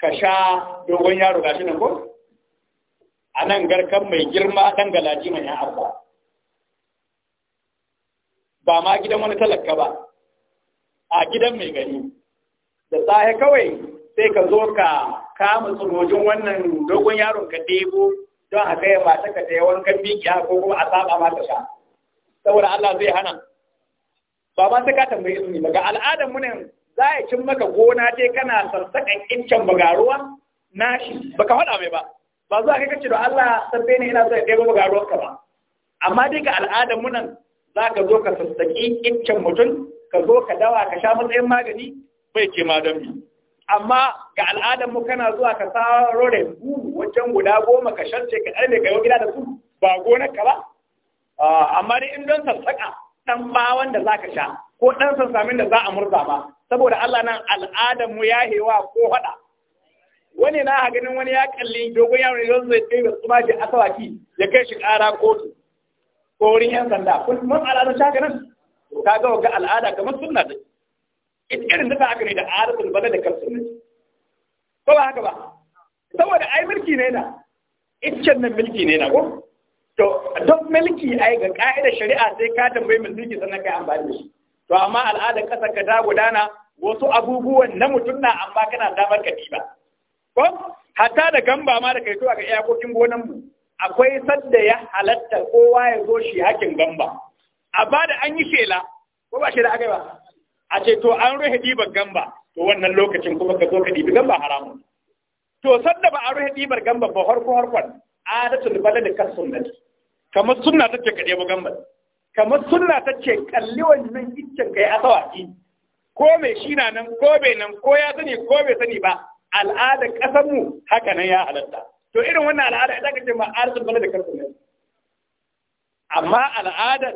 ka sha dogon yaro shi nan ko a nan garkan mai girma ɗan galaji mai abba ba ma gidan wani talaka ba a gidan mai gani. da tsaye kawai sai ka zo ka kama tsurojin wannan dogon yaron ka debo don a kai ta ka yawan wankan mikiya ko kuma a saba ta sha saboda Allah zai hana ba ma sai ka tambayi izini Daga al'adar mu ne za a cin maka gona dai kana sarsakan incen bagaruwa nashi baka faɗa mai ba ba zuwa ka kace da Allah sabbe ne ina zai ɗebo bagaruwar ka ba amma dai ga al'adar mu nan za ka zo ka sassaki incen mutum ka zo ka dawa ka sha matsayin magani bai ke ma don mi amma ga al'adar mu kana zuwa ka saro da wajen guda goma ka sharce ka ɗarme ka yau gida da su ba gonar ka ba ah, amma dai in don sassaka ɗan bawan da zaka sha ko ɗan sansamin da za a murza ba saboda Allah nan al'adar mu ya hewa ko haɗa wani na ha ganin wani ya kalli dogon yaro yanzu zai kai da kuma shi asawaki ya kai shi ƙara kotu ko wurin yan sanda kun mun al'adar shaka nan ka ga ga al'ada kamar sunna da ita irin da aka ne da adatul bada da kafin ne ko ba haka ba saboda ai mulki ne na iccen nan mulki ne na ko to duk a ai ga ka'idar shari'a sai ka tambayi mai mulki sannan kai amfani da shi to amma al'adar ƙasar ka ta gudana wasu abubuwan na mutum na amma kana damar ka ba. ko hatta da gamba ma da kai a ga iyakokin gonan mu akwai sadda ya halatta kowa ya zo shi hakin gamba a ba da an yi shela ko ba shela yi ba a ce to an rufe ɗibar gamba to wannan lokacin kuma ka zo ka ɗibi gamba haramun to sadda ba a rufe ɗibar gamba ba harkon harkon adatul balad kasun sunnati kamar sunna ta ce kaɗe ɗebo kamar sunna ta ce kalli wannan iccen kai asawaki ko mai shi na nan ko bai nan ko ya sani ko bai sani ba al'ada ƙasar mu haka nan ya halatta to irin wannan al'ada ita kace ma arzikin bala da karfin nan amma al'adar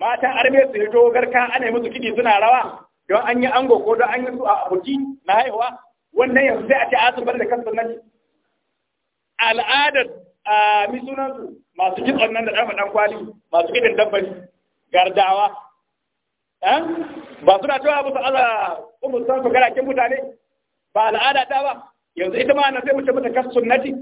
matan arme su hito garka ana yi musu kiɗi suna rawa don an yi ango ko don an yi su a aboki na haihuwa wannan yanzu sai a ce arzikin bala da karfin nan al'adar a misunansu sunansu masu kitson nan da ɗan faɗan kwali masu kiɗin dabban gardawa eh? ba suna cewa musu ala umar garakin mutane ba al'ada ta ba yanzu ita ma na sai mutum da kasu sunnati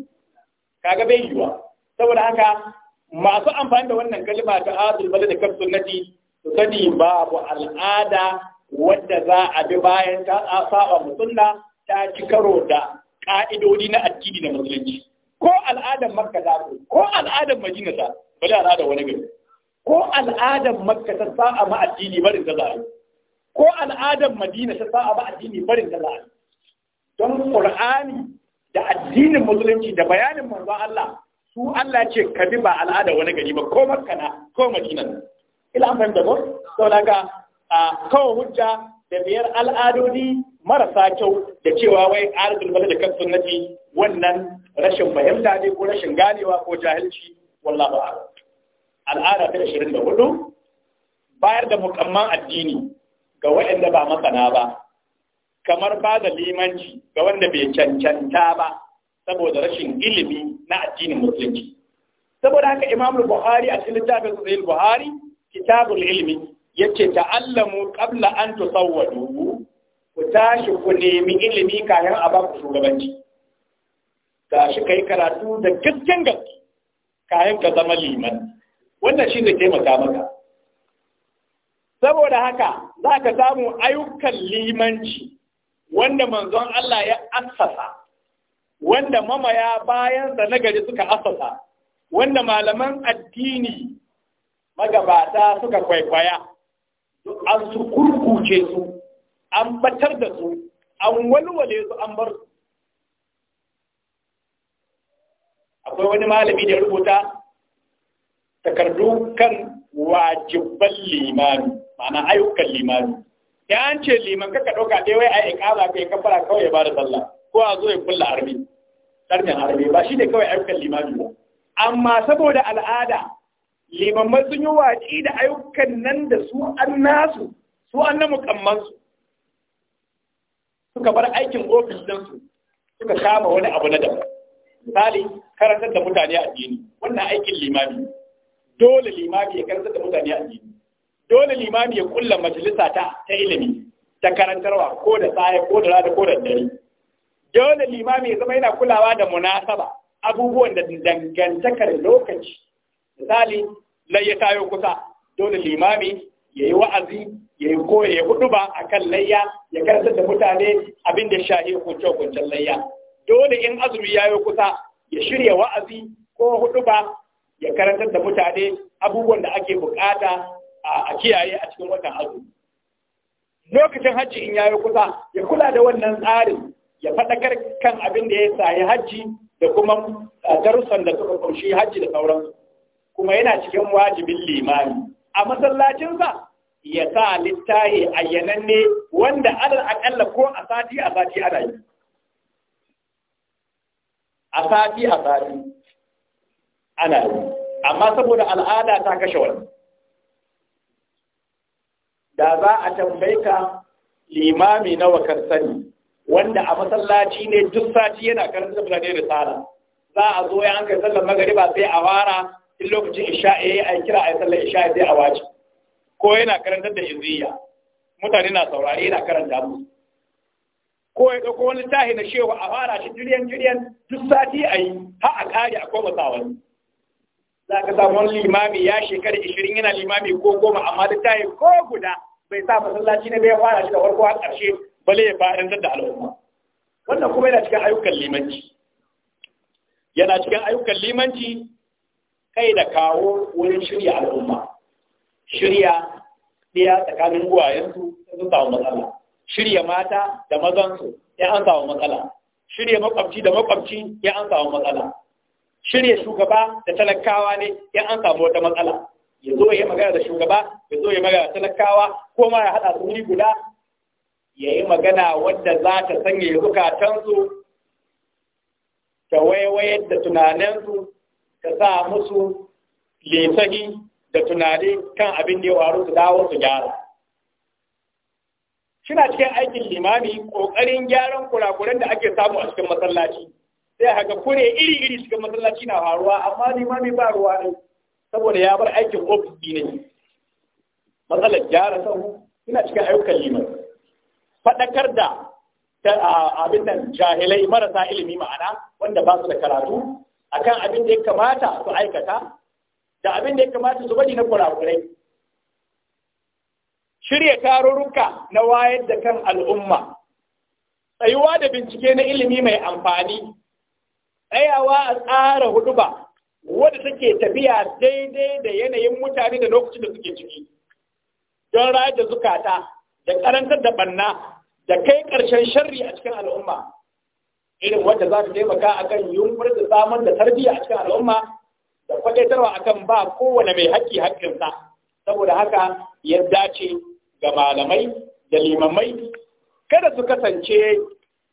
kaga bai yiwa saboda haka masu amfani da wannan kalma ta asul bala da kasu sunnati su sani babu al'ada wadda za a bi bayan ta saba musulla ta ci karo da ka'idodi na addini na musulunci ko al'adar makka ta ko al'adar madina ta bari al'adar wani gari ko al'adar makka ta sa'a ma addini barin ta za'a ko al'adar madina ta sa'a ma addini barin ta za'a don qur'ani da addinin musulunci da bayanin manzo Allah su Allah ce ka bi ba al'ada wani gari ba ko makka na ko madina na ila an fahimta ko saboda ka kawo hujja da biyar al'adodi marasa kyau da cewa wai arzikin da kan sunnati wannan rashin fahimta ne ko rashin ganewa ko jahilci wallahu a'lam al'ada ta 24 bayar da mukamman addini ga waɗanda ba masana ba kamar ba da limanci ga wanda bai cancanta ba saboda rashin ilimi na addinin musulunci saboda haka imam buhari a cikin littafin sahih buhari kitabul ilmi yace ta'allamu qabla an tusawwadu ku tashi ku nemi ilimi kayan a ba ku shugabanci shi kai karatu da gasken gaske kayan ka zama liman wannan shi ne taimaka maka saboda haka za ka samu ayyukan limanci wanda manzon Allah ya asasa, wanda mamaya bayan da nagari suka assasa wanda malaman addini magabata suka kwaikwaya an su kurkuce su an batar da su an walwale su an bar su akwai wani malami da rubuta takardu kan wajibban limani, ma'ana ayyukan limani. ya an ce liman kaka ɗauka ɗaya wai a ikama kai kafara kawai ya bada sallah ko a zo ya kulla arbi sarkin arbi ba shi ne kawai ayyukan limani ba amma saboda al'ada limamman sun yi waci da ayyukan nan da su an nasu su an na mukammansu suka bar aikin ofis ɗinsu suka kama wani abu na daban misali karantar da mutane addini wannan aikin limami dole limami ya karantar da mutane addini dole limami ya kulla majalisa ta ta ilimi ta karantarwa ko da tsaye ko da rana ko da dare dole limami ya zama yana kulawa da munasaba abubuwan da dangantakar lokaci misali layya tayo kusa dole limami ya yi wa'azi ya yi koya ya hudu ba a kan layya ya karantar da mutane abin da shahi hukunce hukuncen layya dole in azumi ya yi kusa ya shirya wa'azi ko hudu ba ya karantar da mutane abubuwan da ake bukata a kiyaye a cikin watan azumi lokacin hajji in ya yi kusa ya kula da wannan tsarin ya faɗakar kan abin da ya sayi hajji da kuma darussan da suka kunshi hajji da sauransu kuma yana cikin wajibin limami a masallacinsa ya sa littahi ayyananne wanda alal akalla ko a sati a sati ana yi a sati a sati ana yi amma saboda al'ada ta kashe wani da za a tambayi ka limami na wakar sani wanda a masallaci ne duk sati yana karanta mutane da tsara za a zo ya hankali sallar magariba sai a wara in lokacin isha ya yi aikira kira a yi sallar isha'a sai a wace ko yana karantar da iziya mutane na saurari yana karanta musu ko ya ɗauko wani tahi na shewa a fara shi juliyan juliyan duk sati a yi har a ƙari koma sawa za ka samu wani limami ya shekara ishirin yana limami ko goma amma duk tahi ko guda bai sa masallaci na bai fara shi da farko har ƙarshe bale ya fa'idar da al'umma wannan kuma yana cikin ayyukan limanci yana cikin ayyukan limanci kai da kawo wurin shirya al'umma shirya ɗaya tsakanin uwayensu sun samu matsala shirya mata da mazansu ya an samu matsala shirya makwabci da makwabci ya an samu matsala shirya shugaba da talakawa ne ya an samu wata matsala ya zo ya magana da shugaba ya zo ya magana da talakawa ko ma ya haɗa su guda ya yi magana wadda za ta sanya zukatansu ta waiwayar da tunaninsu ta sa musu lesahi da tunani kan abin da ya waru su dawo su gyara kina cikin aikin limami kokarin gyaran kurakuran da ake samu a cikin masallaci sai haka kure iri iri cikin masallaci na faruwa amma limami ba ruwa ne saboda ya bar aikin ofis ne matsalar gyara sahu suna cikin ayyukan limami faɗakar da abin nan jahilai marasa ilimi ma'ana wanda ba su da karatu akan abin da ya kamata su aikata da abin da ya kamata su bari na kurakurai shirya tarurruka na wayar da kan al'umma, tsayuwa da bincike na ilimi mai amfani, tsayawa a tsara huduba wadda take tafiya daidai da yanayin mutane da lokacin da suke ciki, don rayar da zukata da karantar da banna da kai ƙarshen sharri a cikin al'umma. Irin wadda za ta taimaka a kan yunkurin da samun da tarbiyya a cikin al'umma da kwaɗaitarwa kan ba kowane mai haƙƙi haƙƙinsa. Saboda haka ya dace ga malamai da limamai kada su kasance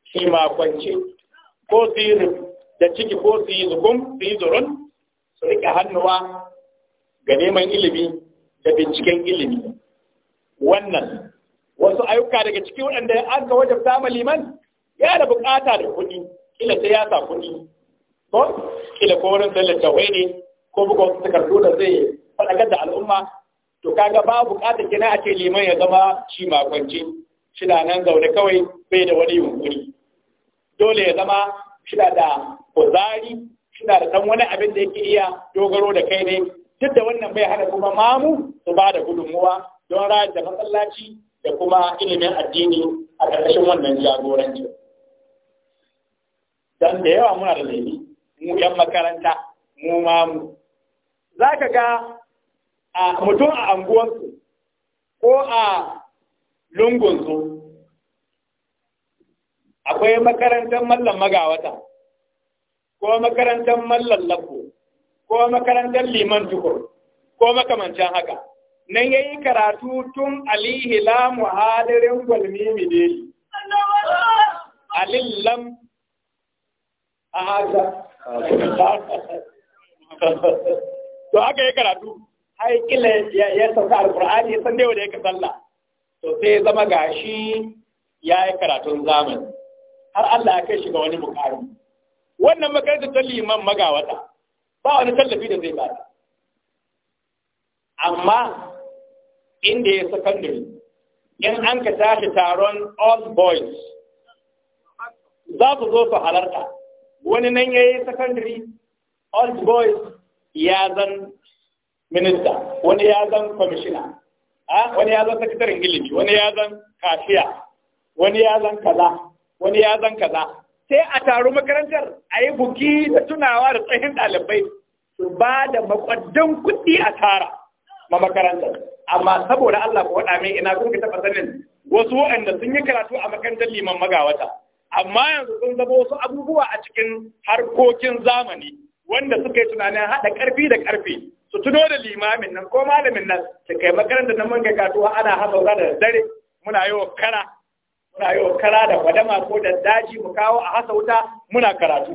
shimakwance ko su yi da ciki ko su yi zukun su yi zurun su riƙe hannuwa ga neman ilimi da binciken ilimi wannan wasu ayyuka daga ciki waɗanda an ga wajen sama liman ya da bukata da kuɗi kila sai ya sa kuɗi ko kila ko wurin sallar tawai ne ko buga wasu takardu da zai faɗakar da al'umma to kaga ba bukata kina a liman ya zama shi makwanci shida nan zaune kawai bai da wani yunkuri dole ya zama shida da kuzari shida da dan wani abin da yake iya dogaro da kai ne duk da wannan bai hana kuma mamu su ba da gudunmuwa don rayar da masallaci da kuma ilimin addini a ƙarƙashin wannan jagoranci don da yawa muna da laifi mu 'yan makaranta mu mamu za ka ga a mutum a anguwarsu ko a lungunsu akwai makarantar mallan magawata ko makarantar mallan lafo ko makarantar liman tukur ko makamancin haka nan ya yi karatu tun alihi la muhadirin gwalmi mideli alillam a haka to aka yi karatu har kila ya sauka alkur'ani ya san da ya ka sallah to sai ya zama gashi ya yi karatun zamani har Allah ya kai shi ga wani mukari wannan makarantar ta liman magawata ba wani tallafi da zai ba amma inda ya secondary in an ka tashi taron all boys za su zo su halarta wani nan ya yi secondary all boys ya zan minista wani ya zan kwamishina ah. wani ya zan sakataren ilimi wani ya zan kafiya wani ya zan kaza wani ya zan kaza sai a taru makarantar a yi buki da tunawa da tsayin ɗalibai su ba da makwaddan kuɗi a tara ma makarantar amma saboda Allah ko wada mai ina kun taɓa sanin wasu waɗanda sun yi karatu a makarantar liman magawata amma yanzu sun zama wasu abubuwa a cikin harkokin zamani wanda suka yi tunanin hada karfi da ƙarfi su tuno da limamin nan ko malamin nan su kai makaranta nan mun ga katuwa ana hazaura da dare muna yi wa kara muna yi wa kara da wadama ko da daji mu kawo a hasa wuta muna karatu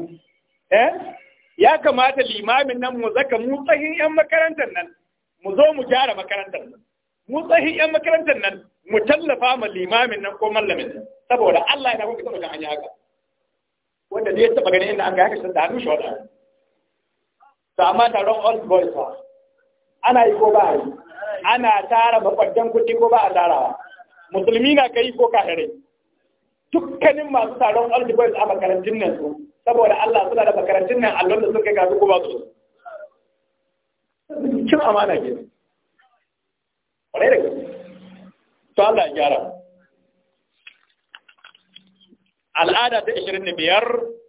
eh ya kamata limamin nan mu zaka mu tsahin yan makarantar nan mu zo mu gyara makarantar nan mu tsahin yan makarantar nan mu tallafa ma limamin nan ko mallamin nan saboda Allah yana kuka saboda da hanya haka wanda zai taba ganin inda an ga haka sun da hannu shi to amma taron old boys ba ana yi ko ba yi ana tara makwabtan kuɗi ko ba a tarawa musulmi na kai ko kafirai dukkanin masu taron old boys a makarantun nan su saboda Allah suna da makarantun nan allon da suka kai ko ba su cin amana ke kwarai da gaske to Allah ya gyara al'ada ta 25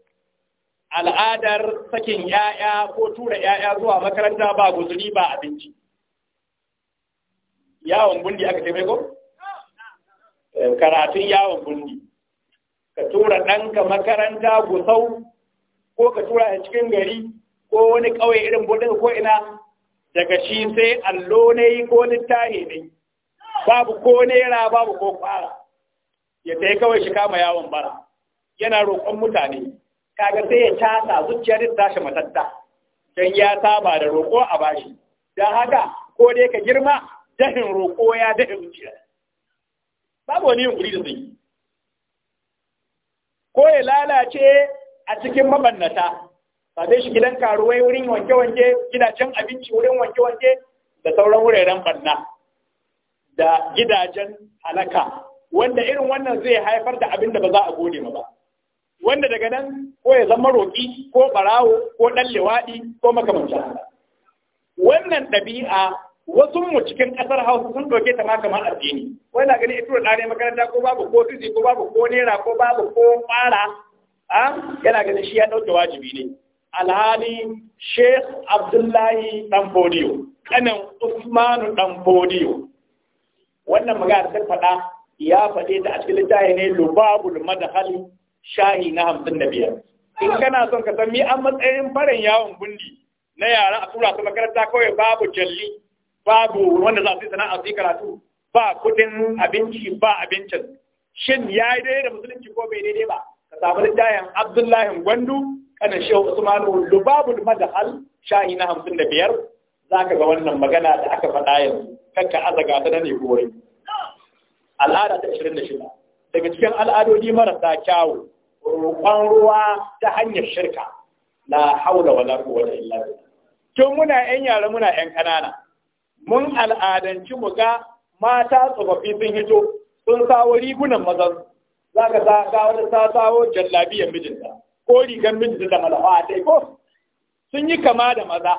al'adar sakin ‘ya'ya ko tura ‘ya'ya zuwa makaranta ba guzuri ba abinci. Yawon bundi aka ce ko? Eh, karatun yawon bundi. Ka tura ɗanka makaranta gusau ko ka tura a cikin gari ko wani ƙauye irin buɗin ko ina daga shi sai allo ne ko littahi ne. Babu ko nera babu ko kwara. Ya kawai shi kama yawon bara. Yana roƙon mutane. kaga sai ya tasa zuciyar shi matatta Dan ya saba da roƙo a bashi dan haka ko dai ka girma dahin roƙo ya dahin zuciya babu wani yunkuri da zai ko ya lalace a cikin mabannata ba dai shi gidan karuwai wurin wanke-wanke gidajen abinci wurin wanke-wanke da sauran wuraren banna, da gidajen halaka wanda irin wannan zai haifar da abin da ba za a gode ma ba wanda daga nan ko ya zama roƙi ko ɓarawo ko ɗan lewaɗi ko makamanta. wannan ɗabi'a wasu mu cikin ƙasar hausa sun ɗauke ta ma kamar addini wai na gani ito da makaranta ko babu ko tuzi ko babu ko nera ko babu ko fara a yana ganin shi ya ɗauke wajibi ne alhali sheikh abdullahi Ɗanfodiyo, ƙanan kanin usmanu Ɗanfodiyo. wannan magana ta faɗa ya faɗe ta a cikin littafi ne lubabul Madahali shahi na hamsin da biyar in kana son ka san mi an matsayin farin yawon gundi na yara a tura su makaranta kawai babu jalli babu wanda za su yi sana'a su yi karatu ba kudin abinci ba abincin shin ya yi daidai da musulunci ko bai daidai ba ka samu littafin abdullahi gwandu kanan shehu usmanu lubabul madahal shahi na hamsin da biyar za ka ga wannan magana da aka faɗa yanzu kanka azaga ta na ne gori. al'ada ta ashirin da shida daga cikin al'adodi marasa kyawu roƙon ruwa ta hanyar shirka na haula wala quwwata illa billah tun muna yan yare, muna yan kanana mun al'adanci mu ga mata tsofaffi sun hito sun sawo rigunan mazan za ka sa ga wata ta sawo jallabiyan mijinta ko rigar mijinta da malafa ta ko sun yi kama da maza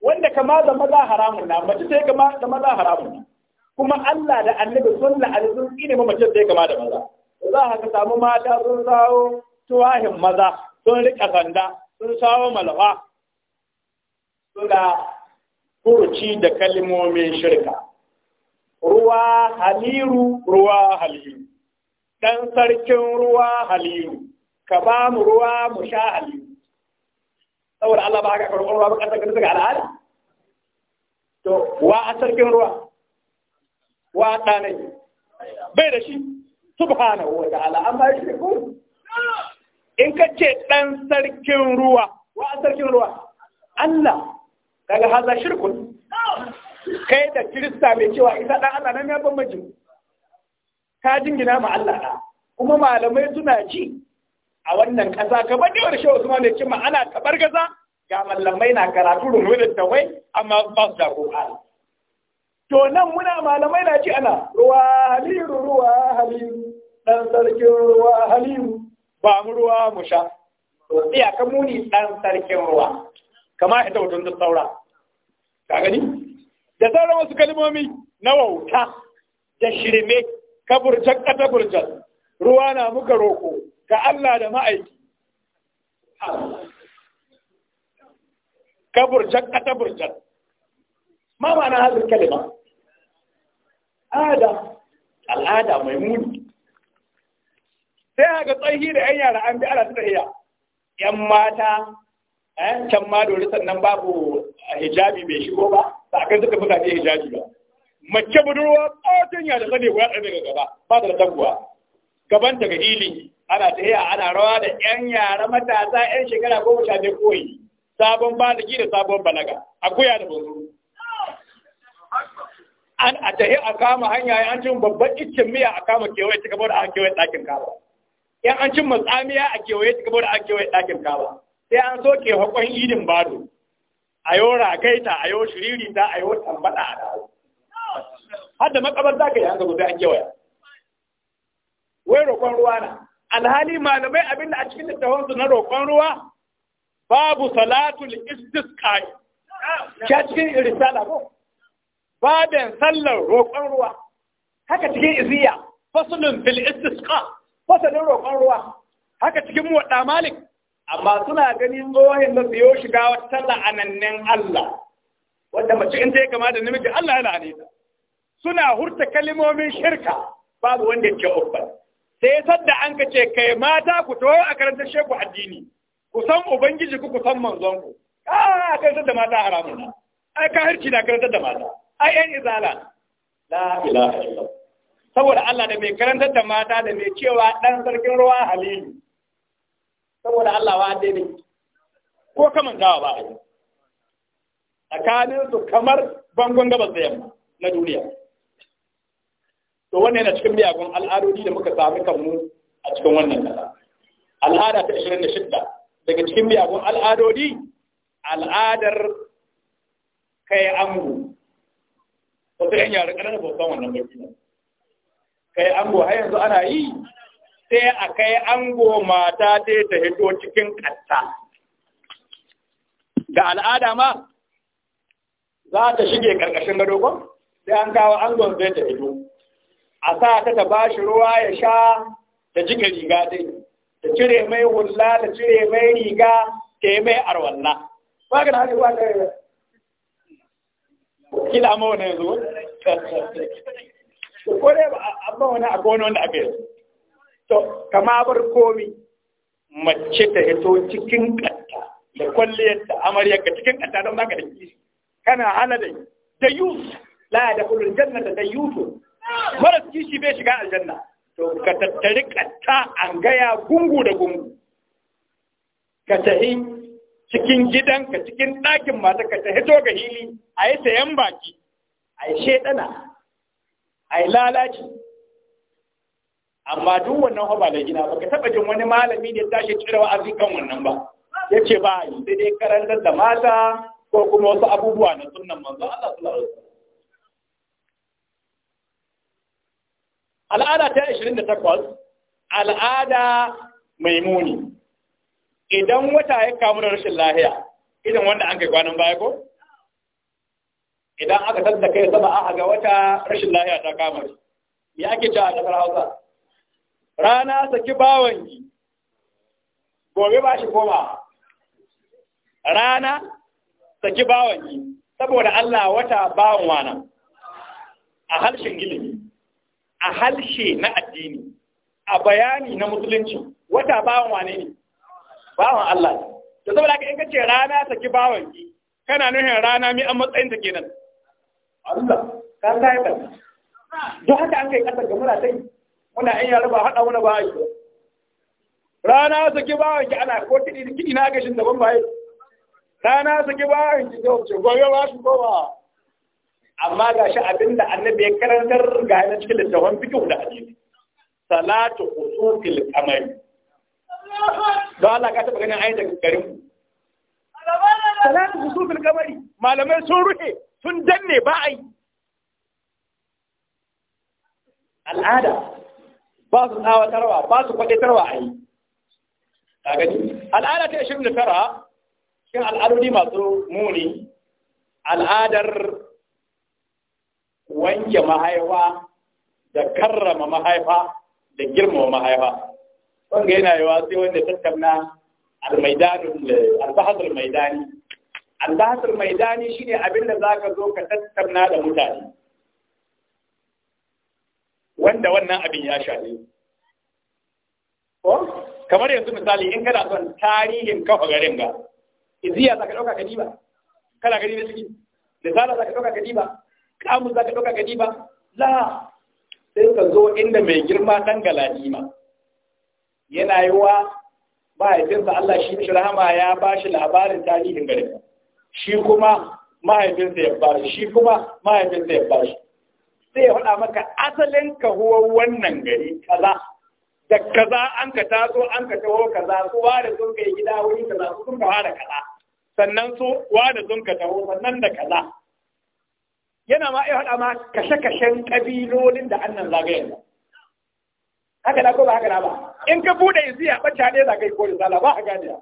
wanda kama da maza haramun na mace sai kama da maza haramun na kuma Allah da annabi sun la'ani sun ne ma mace da ya kama da maza za ka samu mata sun sawo tuwahin maza sun riƙa sanda sun sawo malafa suna furuci da kalmomin shirka ruwa haliru ruwa haliru Dan sarkin ruwa haliru ka ba mu ruwa mu sha haliru saboda Allah ba ka karɓar ruwa ba ka suka al'ada to wa a sarkin ruwa wa ɗanai bai da shi subhanahu wa ta'ala an ba shi ko in ka ce ɗan sarkin ruwa wa sarkin ruwa Allah daga haza shirkun kai da kirista mai cewa isa ɗan Allah nan ya majin. ka jingina ma Allah na kuma malamai suna ji a wannan ƙasa gaba ne wani shehu Usman ya ce ma ana tabar gaza ga mallamai na karatu rumu da tawai amma ba su da ko to nan muna malamai na ce ana ruwa haliru ruwa haliru dan sarkin ruwa haliru ba mu ruwa mu sha to ka muni dan sarkin ruwa kama ita wajen da saura ka gani da sauran wasu kalmomi na wauta da shirme ka burjan kata burjan ruwa na muka roko ga Allah da ma'aiki ka burjan kata burjan ma ma'ana hazin kalma al'ada al'ada mai muni sai haka tsayi da yan yara an bi ana ta iya yan mata eh, can ma dori sannan babu eh, hijabi bai shigo ba ba a kan suka fi hijabi ba mace budurwa tsawon ya da sani ya ɗan daga gaba ba da taguwa gaban daga hili ana ta iya ana rawa da yan yara matasa yan shekara goma sha koyi sabon ba da sabon balaga akuya da bunzuru an a tahi a kama hanya an cin babban iccen miya a kama kewaye ta gaba a kewaye ɗakin kaba yan an cin matsamiya a kewaye ta gaba a kewaye ɗakin kaba sai an soke hakon idin bado a yau ragaita a yau shiriri ta a yau tambada a dawo Hadda da makabar za ka yi hanga guda an kewaya wai roƙon ruwa na alhali malamai abin da a cikin littafansu na roƙon ruwa babu salatul istisqai ya cikin risala ko babin sallar roƙon ruwa haka cikin iziya fasulun fil istisqa fasalin roƙon ruwa haka cikin waɗa malik amma suna ganin tsohon da siyo shiga wata la'anannin Allah Wadda mace in ta kama da namiji Allah ya la'ane ta suna hurta kalimomin shirka babu wanda ya ce sai sadda an ka ce kai mata ku to a karantar sheku addini ku san ubangiji ku ku san manzon ku a ah, kai sadda mata haramun ai ka harci na karantar da mata ai izala la ilaha illallah saboda Allah da mai karantar da mata da mai cewa dan sarkin ruwa halilu saboda Allah wa dai ne ko kaman gawa ba a tsakanin su kamar bangon gabas da yamma na duniya to wannan yana cikin miyagun al'adodi da muka sami kanmu a cikin wannan kasa al'ada ta 26 daga cikin miyagun al'adodi al'adar kai amu ba sai wannan kai ango har yanzu ana yi sai a kai ango mata dai ta hito cikin ƙatta ga al'ada ma za ta shige ƙarƙashin gado ko sai an kawo ango zai ta hito a sa ta ta bashi ruwa ya sha ta jike riga dai ta cire mai hulla ta cire mai riga ta yi mai arwanna ba ga da haka ba ta kila amma wani yanzu a gona wanda aka kama bar komi mace ta hito cikin da kwalliyarta ka cikin kanta don baka da kana hana da da la da da yusu mara kishi bai shiga aljanna to ka tattari kanta an gaya gungu da gungu ka tahi cikin gidanka cikin ɗakin matarka ta hito ga hili a yi sayan baki a yi shaidana a yi lalaci amma duk wannan hoba da gina ba ka taɓa jin wani malami da ya tashi cire wa kan wannan ba ya ce ba a yi sai dai karantar da mata ko kuma wasu abubuwa na sunan manzo Allah sallallahu alaihi al'ada ta 28 al'ada mai muni. idan wata ya kamu da rashin lahiya idan wanda an kai kwanan baya ko idan aka tanta kai sama aka ga wata rashin lahiya ta kama shi ya ake cewa a ƙasar Hausa rana saki yi. gobe ba shi koma rana saki yi. saboda Allah wata bawan wana a harshen ilimi a harshe na addini a bayani na musulunci wata bawan wane ne bawan Allah ne to saboda haka in ka ce rana saki bawan ki kana nuhin rana mi an matsayin ta kenan Allah ka sai ta don haka an kai kasar ga muna tai muna yan yaro ba haɗa muna ba yi rana saki bawan ki ana ko da kiɗi na gashin daban ba yi rana saki bawan ki zai ce gobe ba shi ba amma ga shi abinda annabi ya karantar ga yana cikin littafin fiqh da hadisi salatu usufil qamari don Allah ka taɓa ganin ayi daga garin mu salatu kusufil kamari malamai sun ruhe, sun danne ba a yi al'ada ba su tsawa tarwa, ba su kwaɗaitarwa a yi a gani al'ada ta tara, cikin al'adodi masu muni al'adar wanke mahaifa da karrama mahaifa da girmama mahaifa wanda yana yawa sai wanda tattauna albahasar maidani albahasar maidani shine abin da zaka zo ka tattauna da mutane wanda wannan abin ya shafe ko kamar yanzu misali in kana son tarihin kafa garin ga iziya zaka dauka ka ba kana gani da ciki da zaka dauka ka ba? kamu zaka dauka ka ba la sai ka zo inda mai girma dan galadima yana yi wa mahaifinsa Allah shi shi rahama ya ba shi labarin tarihin garin shi kuma mahaifinsa ya ba shi kuma mahaifinsa ya ba shi sai ya faɗa maka asalin kahuwar wannan gari kaza da kaza an ka taso an ka taho kaza su wa da sun kai gida wuri kaza su sun kawa da kaza sannan su wa da sun ka taho sannan da kaza yana ma ya faɗa ma kashe-kashen ƙabilolin da annan zagayen haka na ko ba haka na ba in ka bude yanzu ya bacci ne za ka yi ko risala ba a gane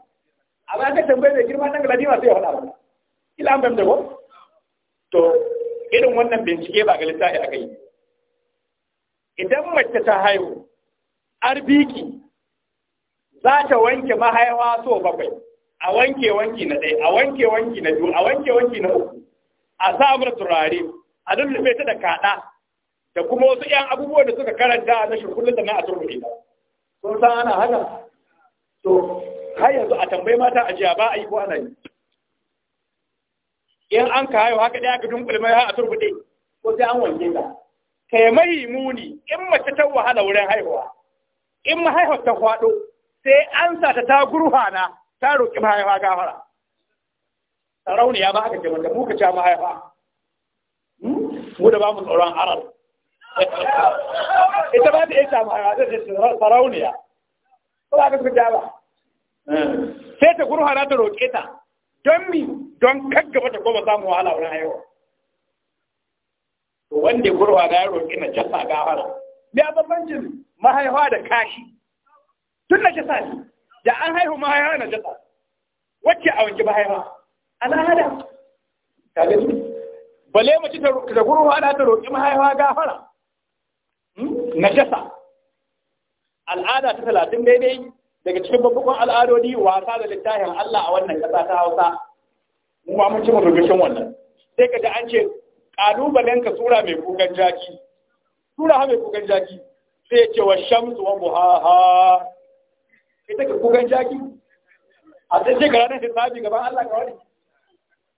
amma ka tambaye mai girma dan galadima sai ya faɗa ba kila an fahimta ko to irin wannan bincike ba galita ya aka yi idan mace ta haihu arbiki za ta wanke mahaifa so bakwai a wanke wanki na ɗaya a wanke wanki na biyu a wanke wanki na uku a samar turare a lullube ta da kaɗa da kuma wasu ‘yan abubuwan da suka karanta na shirkullin da na a turbe ba. Sun san ana haka? To, har yanzu a tambayi mata a jiya ba a yi ko ana yi. In an ka hayo haka ɗaya ka dunkule mai har a turbe ko sai an wanke ka. Kai mai muni in mace ta wahala wurin haihuwa. In mahaihar ta kwaɗo sai an sa ta ta gurfana ta roƙi mahaifa gafara. Sarauniya ba aka ce mata muka ca mahaifa. Hmm? Mu da ba mu tsoron arar. ita ba ta yi samara da sarauniya ko ba ka suka ja ba sai ta na ta roƙe ta don mi don kaggaba ta koma samun wahala wurin haihuwa to wanda gurwa ga roƙe na jasa gafara me bambancin mahaihuwa da kashi tun na jasa ne da an haihu mahaihuwa na jasa wacce a wanke mahaihuwa al'ada gani bale mace ta gurwa na ta roƙe mahaihuwa gafara najasa al'ada ta talatin daidai daga cikin babban al'adodi wasa da littafin Allah a wannan ƙasa ta Hausa mu ba mun ci mutuncin wannan sai ka an ce kalubalen ka sura mai kukan jaki sura ha mai kukan jaki sai ce wa shamsu wa buhaha ita ka kukan jaki a sai ce ranar hisabi gaban Allah ka wani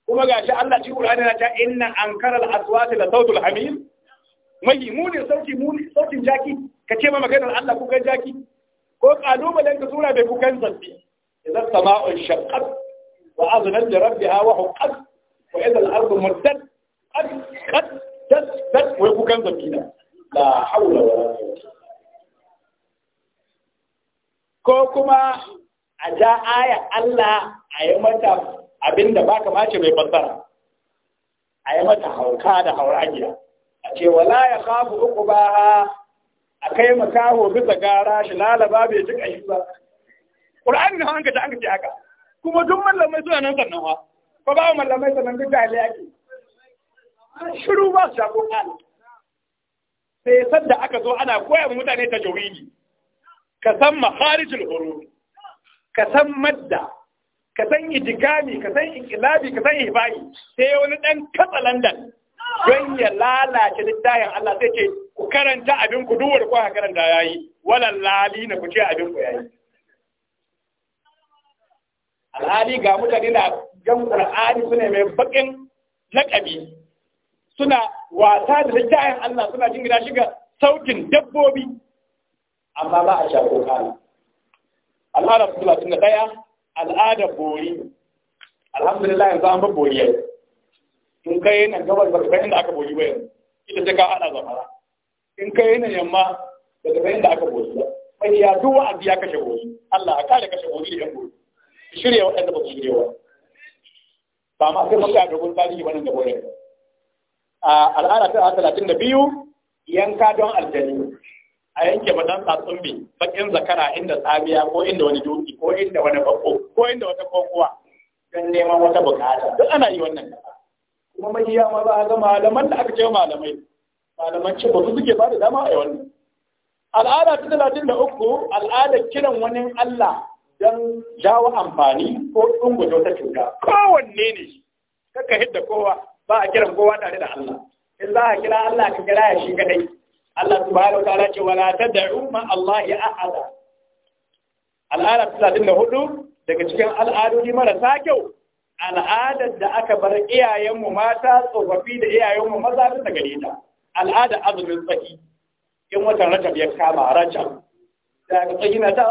kuma gashi Allah ci Qur'ani na ta inna ankara al-aswati la sautul hamim mai munin sauki muni sautin jaki ka ce ma maganar Allah kukan jaki ko kalubalen ka sura bai kukan zambi idan sama'un shaqqat wa aznat li rabbiha wa huqqat wa idan al-ardu muddat qad qad tasbat wa kukan zambi da la hawla wa la ko kuma a ja aya Allah a yi mata abinda ba mace mai fassara a yi mata hauka da hauragiya a ce wala ya kafu uku ba a kai makaho bisa gara shi lalaba bai ji kashi ba Qur'ani na hanka ta hanka ce haka kuma duk mallamai suna nan sannan wa ba ba mallamai sannan duk jahili ake. shiru ba su shafo Qur'ani sai da aka zo ana koya wa mutane jawili. ka san maharijin horo, ka san madda ka san idikami ka san inqilabi ka san ihbai sai wani ɗan katsa Landan. don ya lalace littafin Allah sai ce ku karanta abin ku duwar ku karanta yayi walan lali na ku ce abin ku yayi alhali ga mutane da jan Qur'ani suna mai bakin lakabi suna wasa da littafin Allah suna jin gida shiga sautin dabbobi amma ba a shafo kana rabbul suna tuna daya al'ada bori alhamdulillah yanzu an ba bori yayi in kai yana gabar ba inda aka boji bayan ita sai ka hada zamara in kai yana yamma da kai inda aka boji ba ya duwa wa'azi ya kashe boji Allah ya kare kashe boji da yan boji shirya waɗanda ba su shirya wa ba ma sai mun da dogon tarihi wannan da boye a al'ada ta da biyu, yanka don aljani a yanke madan tsatsumbi bakin zakara inda tsamiya ko inda wani doki ko inda wani bako ko inda wata kokowa don neman wata bukata duk ana yi wannan kuma mahiya ma za a ga malaman da aka ce malamai malaman ce ba su suke ba da dama a yi wannan al'ada ta talatin da uku al'ada kiran wani Allah don jawo amfani ko ɗunguta wata cuta kowanne ne kaka hidda kowa ba a kiran kowa tare da Allah in za a kira Allah ka kira ya shi kadai Allah subhanahu wa ta'ala ce wala da'u ma Allah ya ahada al'ada ta talatin da hudu daga cikin al'adodi marasa kyau al'adar da aka bar iyayenmu mata tsofaffi da iyayenmu maza da gare ta al'adar azumin tsaki in watan rajab ya kama rajab da ga tsaki na ta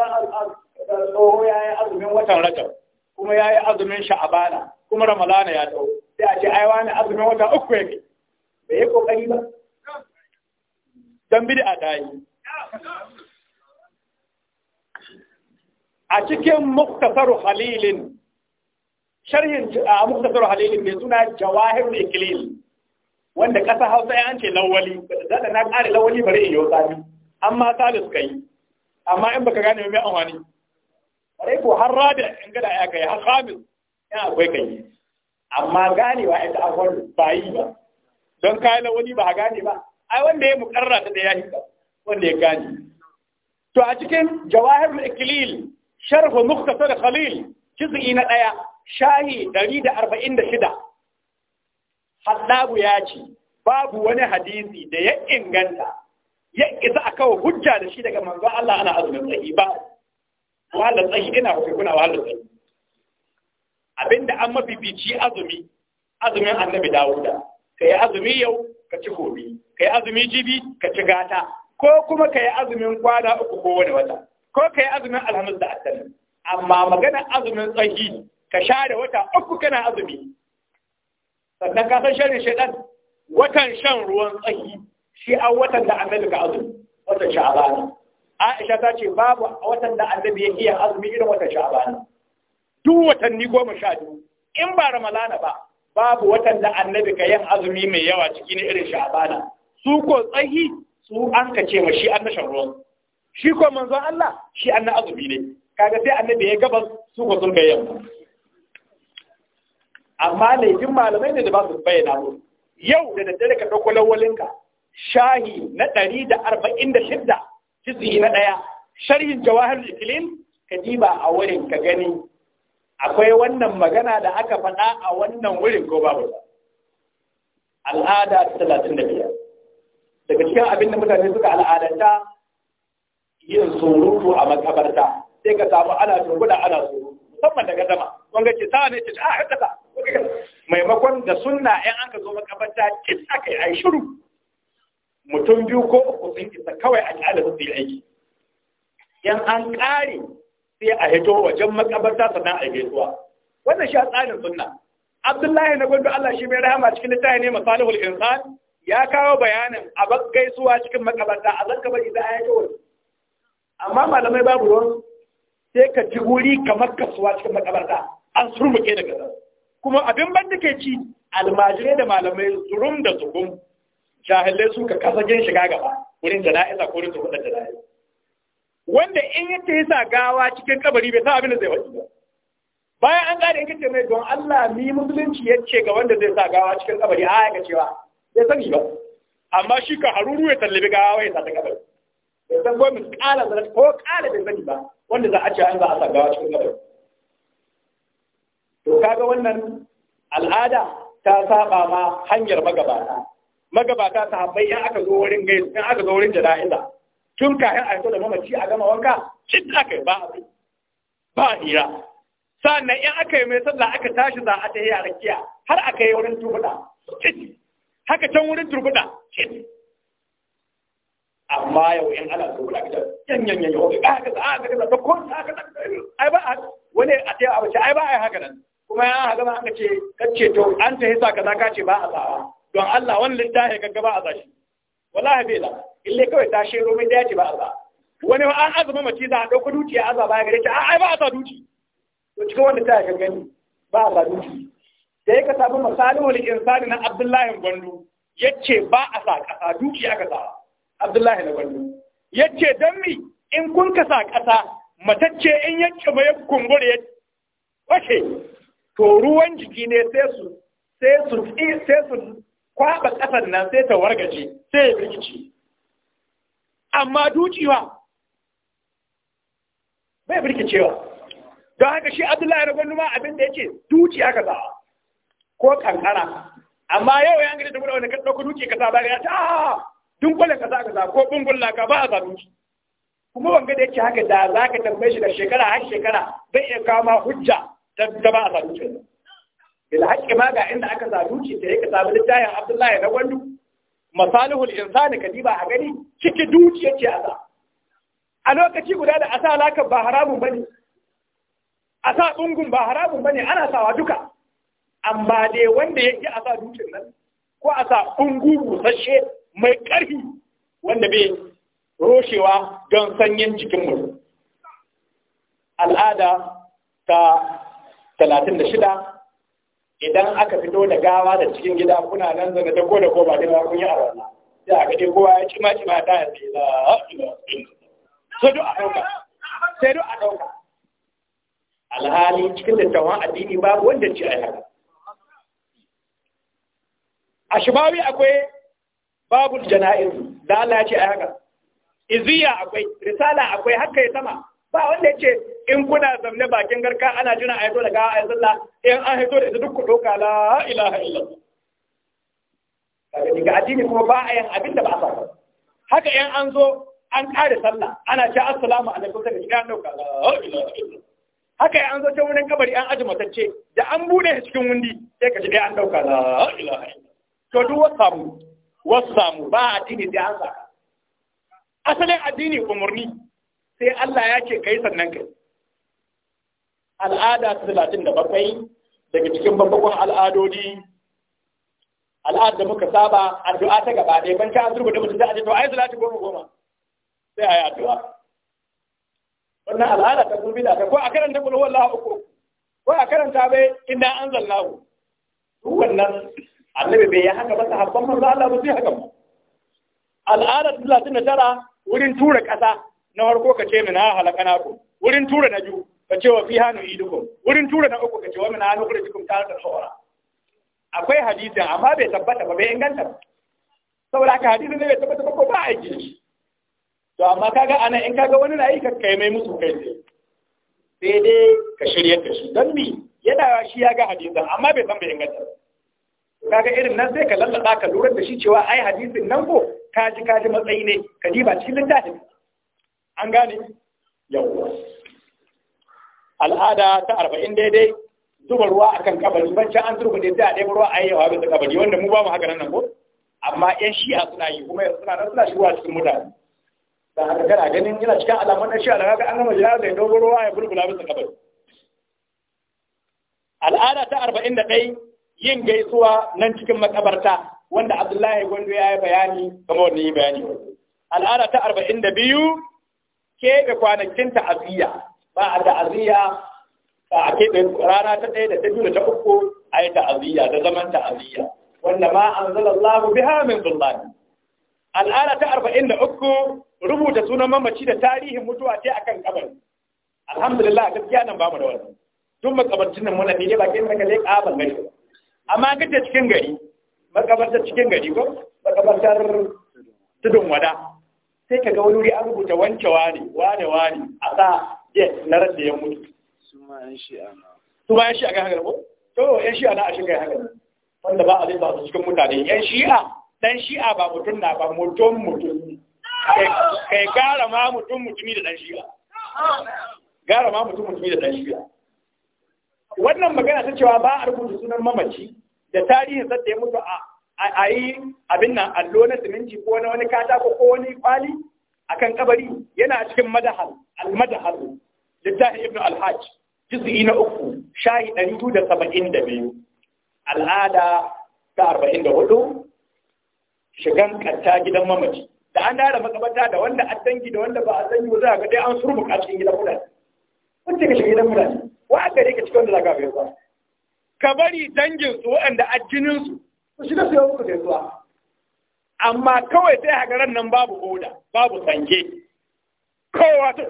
tsoho ya yi azumin watan rajab kuma ya yi azumin sha'abana kuma ramalana ya tau sai a ce ai wani azumin wata uku yake bai yi kokari ba don bidi a dayi a cikin muktasar halilin sharhin a muktasar halilin mai suna jawahirul ikilil wanda ƙasa hausa ya ce lawali zada na ƙare lawali bari in yi wasani amma salis kai amma in baka gane mai amfani bare ko har rabi in gada ya kai har khamis in akwai kai amma ganewa ita akwai ba yi ba don kai lawali ba gane ba ai wanda ya mukarra ta da ya hika wanda ya gane to a cikin jawahirul ikilil sharh muktasar khalil juz'i na ɗaya shahi ɗari da arba'in da shida haddabu ya ce babu wani hadisi da ya inganta ya isa a kawo hujja da shi daga manzo Allah ana azumin tsahi ba wahalar tsahi ina hukai kuna wahalar tsahi. abinda an mafifici azumi azumin annabi dawuda ka yi azumi yau ka ci gobe ka yi azumi jibi ka ci gata ko kuma ka yi azumin kwana uku ko wani wata ko ka yi azumin alhamis da asalin amma magana azumin tsahi ka share wata uku kana azumi sannan ka san shirin shaidan watan shan ruwan tsahi shi a watan da annabi ka azumi watan sha'aban Aisha ta ce babu watan da annabi ya iya azumi irin watan sha'aban duk watanni goma sha biyu in ba ramalana ba babu watan da annabi ka yin azumi mai yawa ciki irin sha'abana su ko tsahi su an ka ce ma shi an na shan ruwan shi ko manzon Allah shi an na azumi ne kaga sai annabi ya gabas su ko sun kai yamma amma laifin malamai ne da ba su bayyana mu yau da daddare ka ɗauko lawalinka shahi na ɗari da arba'in da na ɗaya sharhin jawahar ikilin ka diba a wurin ka gani akwai wannan magana da aka faɗa a wannan wurin ko babu al'ada talatin da biyar daga cikin abin da mutane suka al'adanta yin surutu a makabarta sai ka samu ana da ana tsoro musamman daga zama ga ce sa ne ce a ah, haka ta maimakon da sunna 'yan an ka zo makabarta kin aka yi ai shiru mutum biyu ko uku sun isa kawai a kyale su yi aiki yan an kare sai a hito wajen makabarta sannan a gaisuwa wannan shi a tsarin sunna Abdullahi na gwandu Allah shi mai rahama cikin littafi ne masalihul insan ya kawo bayanin a gaisuwa cikin makabarta a zanka bari da ayatowar amma malamai babu ruwan sai ka ji wuri kamar kasuwa cikin makabarta an surmuke daga nan kuma abin ban da ke ci almajirai da malamai zurum da zurum jahilai sun ka kasa gin shiga gaba wurin jana'iza ko wurin tukunan jana'iza wanda in ya ce sa gawa cikin kabari bai sa abin da zai faɗi ba bayan an gane yake ce mai don Allah ni musulunci ya ce ga wanda zai sa gawa cikin kabari a ya cewa bai sani ba amma shi ka haruru ya tallabi gawa ya sa ta kabari ya san ko miskala zarar ko kala da zani ba wanda za a ce an za a sa cikin gabar to kaga wannan al'ada ta saba ma hanyar magabata magabata ta habbai in aka zo wurin gaisu in aka zo wurin jana'iza tun kafin a fito da mamaci a gama wanka shi aka yi ba abu ba hira sannan in aka yi mai sallah aka tashi za a ta yi a rakiya har aka yi wurin turbuda haka can wurin turbuda amma yau in ana so da kace yan yan yan yau ba ka za ka da ko a da ai ba wani a ce abace ai ba ai haka nan kuma ya haka ba aka ce kace to an ta hisa kaza ka ce ba a sawa don Allah wani littafi gagga ba a sashi wallahi bai la kawai ta shero min da ya ce ba a sa wani ba an azuma mace za a dauko duci a azaba ya gare ta ai ba a sa duci to cikin wanda ta ga gani ba a sa duci da ya ka samu misalin wani insani na Abdullahi Gwandu yace ba a sa kasa duci aka sa Abdullahi na wani. Ya ce, don mi in kun kasa ƙasa, matacce in ya cima ya kumbura ya ce, to ruwan jiki ne sai su sai su sai su kwaɓa ƙasar nan sai ta wargaje, sai ya birkici. Amma dukiwa bai birkicewa. Don haka shi Abdullahi na wani ma abin da ya ce, dukiya ka za ko kankara. Amma yau ya gani da wani kan ɗauko duki ka sa bari ya ce, ah! tun kwale kaza kaza ko bungulla ka ba a zalunci kuma wanga da yake haka da za ka tambaye shi da shekara har shekara zai iya kawo ma hujja ta ba a zalunci ila haƙƙi ma ga inda aka zalunci ta yake samu littafin Abdullahi na Gwandu masalihul insani kadiba a gani ciki dukiya ce a a lokaci guda da asa lakan ba haramun bane sa ɓungun ba haramun bane ana sawa duka amma dai wanda ya a sa dukin nan ko a sa ɓungun busasshe mai ƙarfi wanda bai roshewa don sanyin jikin mutum al'ada ta talatin da shida idan aka fito da gawa da cikin gida kuna nan zana da ko da ko ba da kun yi a rana sai a dai kowa ya cima cima ta ya ce la sai duk a sai duk a ɗauka. alhali cikin dattawan addini babu wanda ci a haka a shibawi akwai babul jana’in da Allah ya ce ai haka iziya akwai risala akwai haka ya sama ba wanda ya ce in kuna zamne bakin garka ana jina a hito da gawa a sallah in an hito da duk ku doka la ilaha illallah daga addini kuma ba a yin abin da ba a sa haka in an zo an kare sallah ana ce assalamu alaikum sai ka doka la ilaha illallah haka in an zo can wurin kabari an aji matacce da an bude cikin wundi sai ka ji dai an doka la ilaha illallah to duk wasu wasu ba addini sai an asalin addini umarni sai Allah ya ce kai sannan kai al'ada ta talatin da bakwai daga cikin babbakon al'adodi al'ad da muka saba addu'a ta gaba ɗaya ban ta azurba da mutum da aje to ai salati goma goma sai ayi addu'a wannan al'ada ta gurbi da ko a karanta kul huwallahu uku ko a karanta bai inna anzalnahu wannan annabi bai yi haka ba sahabban manzo Allah ba zai haka ba al'adar 39 wurin tura ƙasa na farko ka ce mina halaka na ku wurin tura na biyu ka ce wa fiha nu idukum wurin tura na uku ka ce wa mina hannu kuri cikin ta da sawara akwai hadisi amma bai tabbata ba bai inganta ba saboda ka hadisi ne bai tabbata ba ko ba aiki shi to amma kaga ana in kaga wani na aika kai mai musu kai sai sai dai ka shirye ka shi dan mi yana shi ya ga hadisin amma bai san bai inganta ba kaga irin nan sai ka lallaba ka lura da shi cewa ai hadisin nan ko kaji kaji matsayi ne ka ji ba cikin littafin an gane yawwa al'ada ta arba'in daidai zuba ruwa akan kabari bancin an turba da a ɗaya ruwa a yawa bisa kabari wanda mu ba mu haka nan ko amma yan shi a suna yi kuma suna nan suna shigowa cikin mutane da haka kana ganin yana cikin alamun na shi da daga an gama jira da dogon ruwa ya bulbula bisa kabari al'ada ta arba'in da ɗaya yin gaisuwa nan cikin makabarta wanda Abdullahi Gondo ya yi bayani kamar wanda yi bayani al'ada ta arba'in da biyu keɓe kwanakin ta'aziyya ba a da aziya ba a keɓe rana ta ɗaya da ta biyu da ta uku a yi ta'aziyya da zaman ta'aziyya wanda ma an zala Allah bi min sultani al'ada ta arba'in da uku rubuta sunan mamaci da tarihin mutuwa ce akan kabari alhamdulillah gaskiya nan ba mu da wannan tun makabarcin nan muna ne ba kai maka leƙa ban gani ba amma ka cikin gari makabarta cikin gari ko makabartar tudun wada sai ka ga wani wuri an rubuta wance wani wani wani a sa je na rasa ya mutu Suma ma yan shi'a na su ma yan shi'a ga haka ko to yan shi'a na a ga haka wanda ba a zai su cikin mutane yan shi'a dan shi'a ba mutum na ba mutum mutum kai gara ma mutum mutumi da dan shi'a gara ma mutum mutumi da dan shi'a wannan magana ta cewa ba a rubuta sunan mamaci da tarihin sa da ya mutu a a yi abin nan allo na siminti ko na wani katako ko wani kwali akan kabari yana cikin madahal al-madahal littafi ibn al-hajj jizi na uku shahi ɗari biyu da saba'in da biyu al'ada ta arba'in da hudu shigan kanta gidan mamaci da an dara makabata da wanda a dangi da wanda ba a sanyi ba za a ga dai an surmuka cikin gidan mutane kun ce ka shiga gidan mutane wa'an ne ka cikin da zaka bai ba ka bari dangin su waɗanda a jinin su su shiga su yau su gaisuwa amma kawai sai hagaran nan babu oda babu sange kowa ta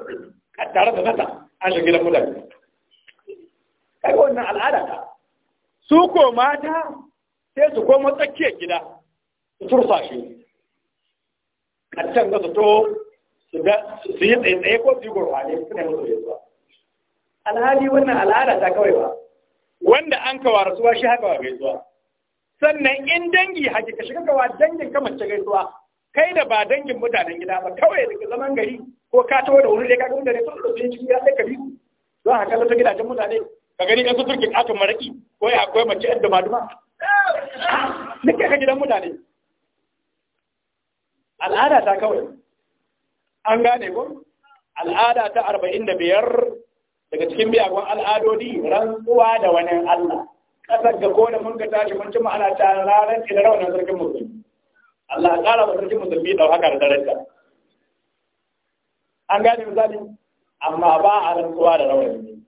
kaddara da nata an shiga da mutane kai wannan al'ada ta su ko mata sai su koma tsakiyar gida su tursa shi can da su to su yi tsaye tsaye ko su yi gurwane suna yi musu gaisuwa alhali wannan al'ada ta kawai ba wanda an kawa rasuwa shi haka wa gaisuwa sannan in dangi haƙi ka shiga kawa dangin kamance gaisuwa kai da ba dangin mutanen gida ba kawai daga zaman gari ko ka taho da wuri dai kaga mutane sun rubuce cikin ya ka biyu don haka ta gidajen mutane ka gani ɗan su turke katon maraki ko ya akwai mace yadda ma duma nake ka gidan mutane al'ada ta kawai an gane ko al'ada ta arba'in da biyar daga cikin biyagun al'adodi rantsuwa da wani Allah kasar ga ko da mun ka tashi mun cimma ana ta ranar da rawanin sarkin musulmi Allah ƙara wa sarkin musulmi da haka da daraja an gane misali amma ba a rantsuwa da rawanin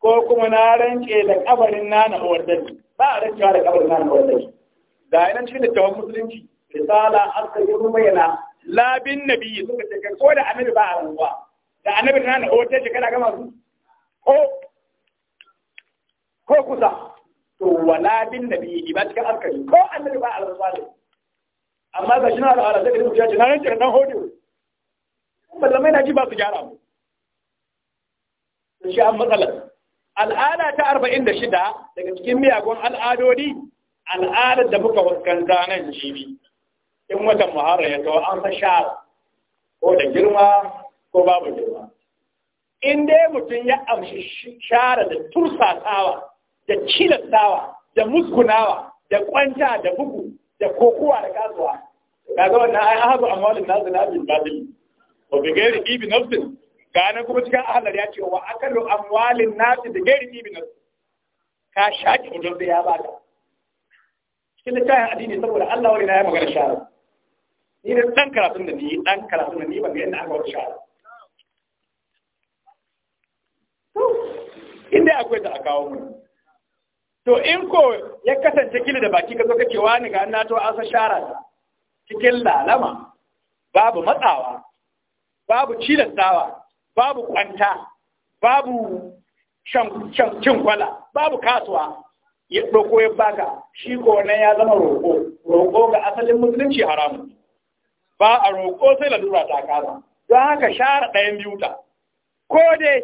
ko kuma na rance da kabarin nana uwar dani ba a rancewa da kabarin nana uwar dani da ina cikin littafin musulunci risala asali rumayana labin nabi suka ce ko da annabi ba a rantsuwa da annabi nana uwar dani kana gama su ko ko kusa to wala bin nabi ba cikin askari ko annabi ba alrazali amma ga shina da alrazali da na ranke nan hodiyo mallamai na ji ba su gyara mu shi an matsala? al'ada ta arba'in da shida daga cikin miyagun al'adodi al'adar da muka fuskanta nan jibi in watan muharra ya zo an sa shara ko da girma ko babu girma in dai mutum ya amshi shara da tursasawa da cilastawa da muskunawa da kwanta da bugu da kokowa da kasuwa kaga wannan ai ahabu amwalin nasu na abin babil wa bi gairi ibi nafsin nan kuma cikin ahalar ya ce wa akalu amwalin nasu da gairi ibi nafsin ka shaki mutum da ya ba ka? cikin littafin addini saboda Allah wani na ya magana shara ni da dan karatun da ni dan karatun da ni ban ga yadda aka wata shara inda akwai ta a kawo mu to in ko ya kasance kili da baki ka zo kake wani ga na to an sa shara ta cikin lalama babu matsawa babu cilastawa babu kwanta babu cin kwala babu kasuwa ya doko ya baka shi ko ya zama roƙo roƙo ga asalin musulunci haramu ba a roƙo sai lalura ta kasa don haka share ɗayan biyu ta ko dai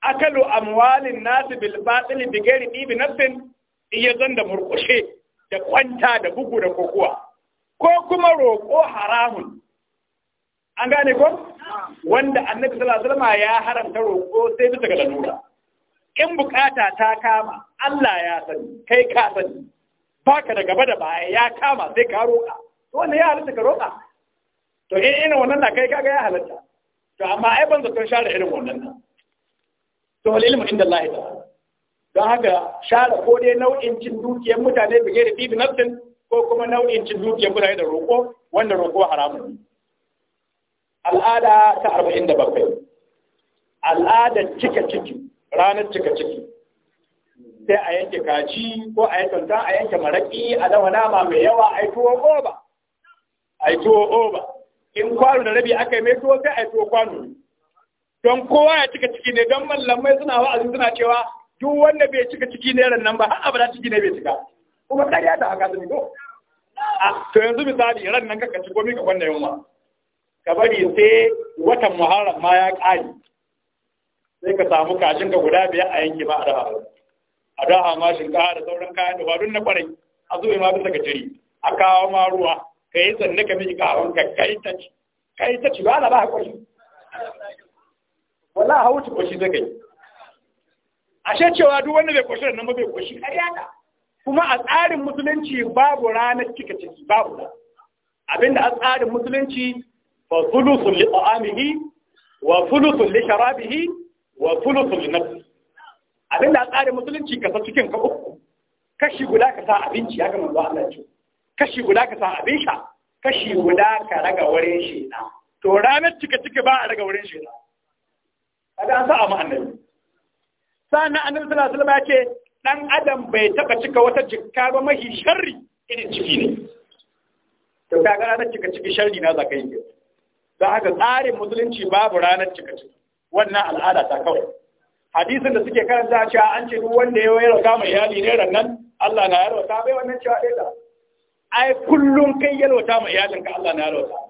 akalu amwalin nasu bil batili bi gairi dibi nafsin iya zan da murkushe da kwanta da bugu da kokowa ko kuma roƙo haramun an gane ko wanda annabi sallallahu alaihi wasallam ya haramta roƙo sai bisa ga lalura in bukata ta kama Allah ya sani kai ka sani baka da gaba da baya ya kama sai ka roƙa to wannan ya halatta ka roƙa to in ina wannan na kai kaga ya halatta to amma ai ban zaton share irin wannan nan to wal ilmu inda Allah ta'ala don haka share ko dai nau'in cin dukiyar mutane da ke da nafsin ko kuma nau'in cin dukiyar mutane da roƙo wanda roƙo haramun al'ada ta arba'in da bakwai al'adar cika ciki ranar cika ciki sai a yanke kaci ko a yanke ta a yanke maraƙi a dawa nama mai yawa a yi tuwo oba a yi tuwo oba in kwano da rabi aka yi mai tuwo sai a yi tuwo kwano don kowa ya cika ciki ne don mallamai suna wa'azi suna cewa duk wanda bai cika ciki ne ran nan ba har abada ciki ne bai cika kuma ya da haka zai go a to yanzu misali ran nan ka ci komai ka wannan yunwa ka bari sai watan muharram ma ya ƙari sai ka samu kashin ka guda biyar a yanke ma a da, a ha ma shinkafa da sauran kayan da wadun na kwarai a zuwa ma bisa ka jiri a kawo ma ruwa ka yi sanne ka miƙa wanka kai ta ci kai ta ci ba na ba haƙuri wala a hawuci kwashi ta kai ashe cewa duk wanda bai kwashi nan ba bai kwashi yada kuma a tsarin musulunci babu ranar cika ciki babu da abinda a tsarin musulunci fa thuluthun li ta'amihi wa thuluthun li sharabihi wa thuluthun li nafsi abinda a tsarin musulunci ka sa cikin ka uku kashi guda ka sa abinci ya kama zuwa Allah ce kashi guda ka sa abin sha kashi guda ka raga wurin shi na to ranar cika ciki ba a raga wurin shi na kaga an sa ma'anar. annabi sannan annabi sallallahu alaihi wasallam ya ce dan adam bai taba cika wata jikka ba mahi sharri irin ciki ne to kaga ranar cika ciki sharri na zaka yi Da haka tsarin musulunci babu ranar cika ciki wannan al'ada ta kawai hadisin da suke karanta cewa an ce duk wanda ya yarda mai iyali ne rannan Allah na ta. bai wannan cewa ɗaya da ai kullum kai yalwata ma iyalinka Allah na ta.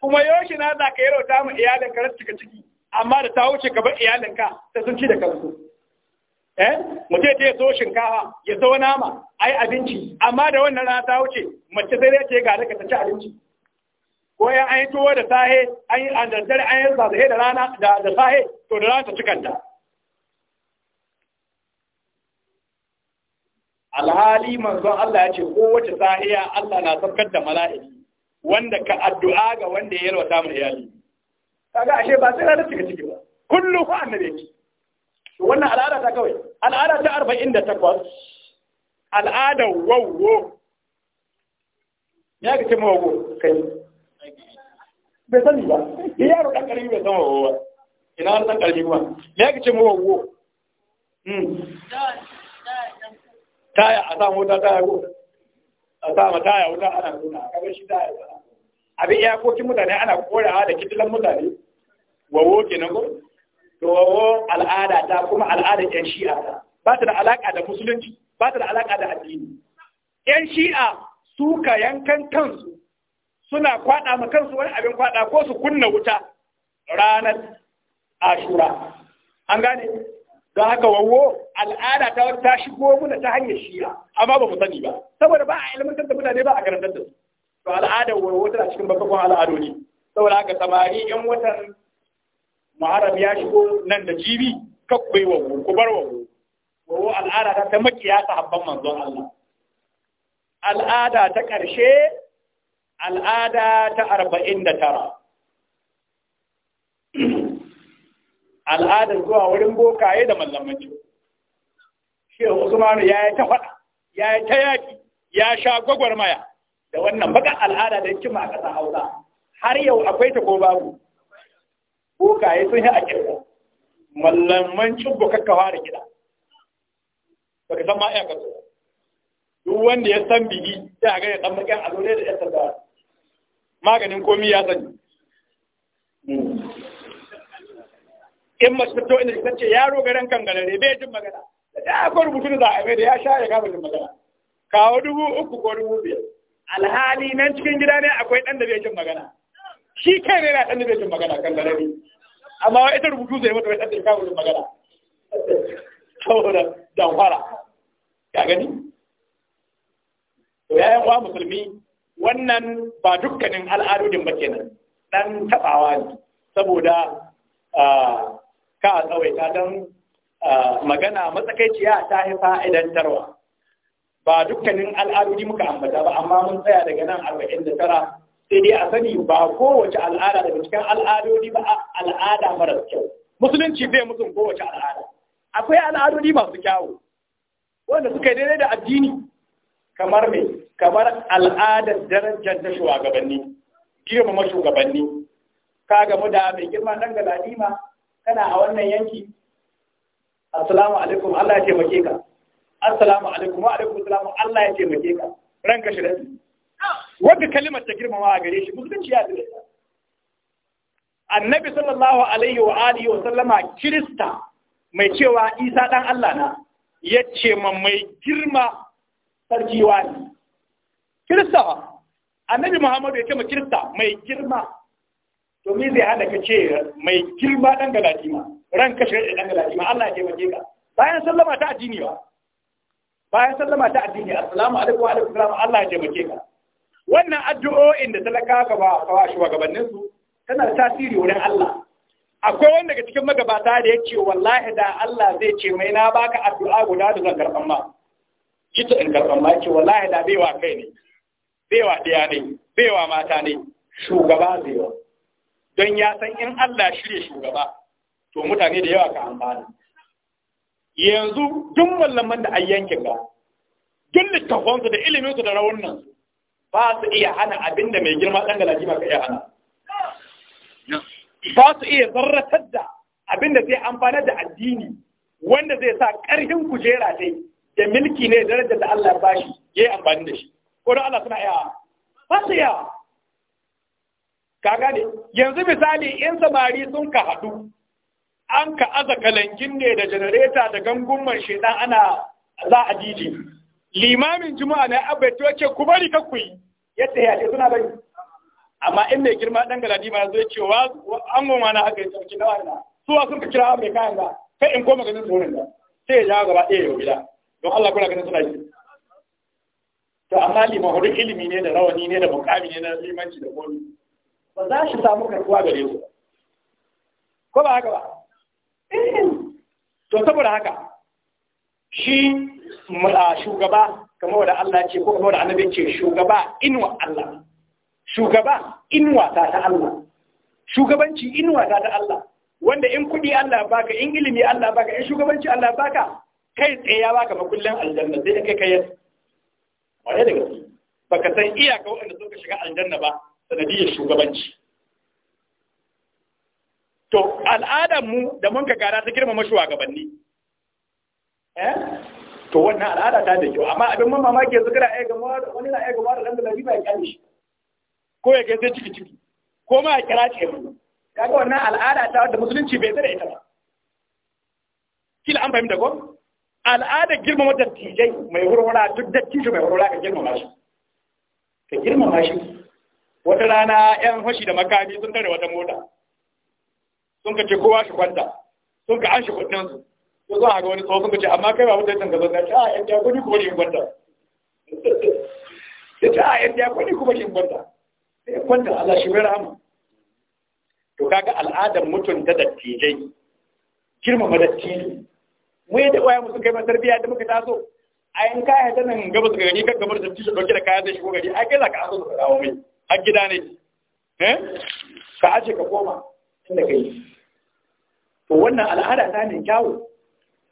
kuma yoshi na za ka yarda ma iyalinka ran cika ciki amma da ta wuce gaban iyalinka ta sun ci da kansu eh mutum ya so shinkafa ya zo nama ai abinci amma da wannan rana ta wuce mace sai dai ce ga daga ta ci abinci ko ya an yi tuwo da sahe an yi an an yi zazahe da rana da da sahe to da rana ta cikanta alhali manzon Allah ya ce kowace sahiya Allah na sabkar da mala'iki wanda ka addu'a ga wanda ya yi rawata mu iyali kaga ashe ba sai ranar cika ciki ba kullu ko annabi ne wannan al'ada ta kawai al'ada ta 48 al'ada wawo ya ga cin wawo kai bai sani ba ya yaro ɗan karimi bai san wawo ba ina wani ɗan karimi kuma ya ga cin wawo hmm taya a samu wuta taya ko a samu taya wuta ana nuna a kamar shi taya abin iyakokin mutane ana korawa da kitilan mutane wawo kenan ko to wawo al'ada ta kuma al'ada yan shi'a ta ba ta da alaka da musulunci ba ta da alaka da addini yan shi'a su ka yankan kansu suna kwada ma kansu wani abin kwada ko su kunna wuta ranar ashura an gane don haka wawo al'ada ta ta shigo muna ta hanyar shi'a amma ba mu sani ba saboda ba a ilmantar da mutane ba a karantar da su to al'adar wawo tana cikin babban al'adoni saboda haka samari yan watan muharram ya shigo nan da jibi kakkwai wa ku bar wa wawo al'ada ta ta makiya habban manzon Allah al'ada ta ƙarshe al'ada ta arba'in da tara zuwa wurin bokaye da mallamanci shehu usmanu ya yi ta faɗa ya yi ta yaki, ya sha gwagwarmaya da wannan baka al'ada da cimma a ƙasa hausa har yau akwai ta ko babu bukaye sun yi a kirka mallaman cibbo kakka fara gida ba ka san ma ya kasu duk wanda ya san bigi sai a gani ɗan makin a zaune da ya tsada maganin komi ya sani in masu fito inda da ta ce yaro garin kan galare bai jin magana da ta akwai rubutun za a mai da ya sha ya gaba jin magana kawo dubu uku ko dubu biyar alhali nan cikin gida ne akwai ɗan da bai jin magana shi kai ne na ɗan da magana kan larabi amma wa ita rubutu zai mata wai ɗan da magana saboda damfara ya gani to yayan kwa musulmi wannan ba dukkanin al'adodin ba kenan ɗan taɓawa ne saboda ka a tsawaita don magana matsakaiciya ta haifa tarwa ba dukkanin al'adodi muka ambata ba amma mun tsaya daga nan arba'in da tara sai dai a sani ba kowace al'ada daga cikin al'adodi ba al'ada marar kyau musulunci bai mutum kowace al'ada akwai al'adodi masu kyawu wanda suka yi daidai da addini kamar mai kamar al'adar darajar da shugabanni girmama shugabanni ka gamu da mai girma dan ladima kana a wannan yanki assalamu alaikum Allah ya taimake ka assalamu alaikum wa alaikum salam Allah ya taimake ka ranka shi da wadda kalimar ta girmama a gare shi musulunci ya dire annabi sallallahu alaihi wa alihi wa sallama kirista mai cewa isa dan Allah na ya ce ma mai girma sarki wani kirista annabi muhammadu ya ce ma kirista mai girma to me zai hada ka ce mai girma dan galadima ran kashe dan galadima Allah ya ce taimake ka bayan sallama ta addini ba bayan sallama ta addini assalamu alaikum wa alaikum salam Allah ya ce taimake ka wannan addu'o'in da talaka ka ba kawa shugabannin su tana tasiri wurin Allah akwai wanda ga cikin magabata da ce wallahi da Allah zai ce mai na baka addu'a guda da zan karban ma ita in karban ma ce wallahi da baiwa kai ne baiwa ɗaya ne baiwa mata ne shugaba zai wa don ya san in Allah shirye shugaba to mutane da yawa ka amfana yanzu duk mallaman da ayyankin ga duk littafansu da iliminsu da rawunan ba su iya hana abin da mai girma ɗan galaji ba ka iya hana ba su iya zarratar da abin da zai amfanar da addini wanda zai sa ƙarfin kujera dai da milki ne da da Allah ya bashi ya yi amfani da shi ko don Allah suna iya ba su iya ka gane yanzu misali in samari sun ka haɗu an ka aza kalankin ne da janareta da gangun shaidan ana za a jijiyi limamin juma'a na abaito yake ku bari ka kuyi. Yadda ya ce suna bari amma in mai girma dan galadi ma zai ce wa an goma na haka ya sauki na wannan su wa sun ka kira mai kayan da kai in koma ganin tsoron da sai ya jawo gaba ɗaya yau gida don Allah kuna ganin suna shi to amma hudu ilimi ne da rawani ne da mukami ne na limanci da komi ba za shi samu karkuwa gare su ko ba haka ba eh. to saboda haka shi shugaba kamar da Allah ce ko kamar da annabi ce shugaba inuwa Allah shugaba inuwa ta ta Allah shugabanci inuwa ta ta Allah wanda in kuɗi Allah baka in ilimi Allah baka in shugabanci Allah baka kai tsaye ya baka makullin aljanna sai da kai kai wani da gaske baka san iyaka waɗanda suka shiga aljanna ba sanadiyar shugabanci to al'adar mu da mun ka gara ta girmama shugabanni Eh? to wannan al'ada ta da kyau amma abin man mamaki yanzu kana aika wani na aika mawar da lafiya ya kyale shi ko ya sai ciki ciki ko ma ya kira ce kaga wannan al'ada ta da musulunci bai tsare ita ba kila an fahimta ko al'ada girmama dattijai mai hurwara duk dattijo mai hurhura ka girmama shi ka girmama shi wata rana yan fashi da makami sun tare wata mota sun ka ce kowa shi kwanta sun ka an shi kudin su ko za a ga wani tsohon mace amma kai ba wutar can gaba ta a yan ya kuɗi kuma yin gwanta ya ta a yan ya kuɗi kuma yin gwanta sai ya Allah shi mai rahama to kaga al'adar mutunta dattijai girmama dattijai mu da waya musu kai tarbiyya da muka taso a yin kaya ta nan gaba su gani kan gabar da tushe dauke da kaya zai shigo gari a kai za ka aso su kawo mai har gida ne eh? ka ace ka koma inda ka yi to wannan al'ada ta ne kyawu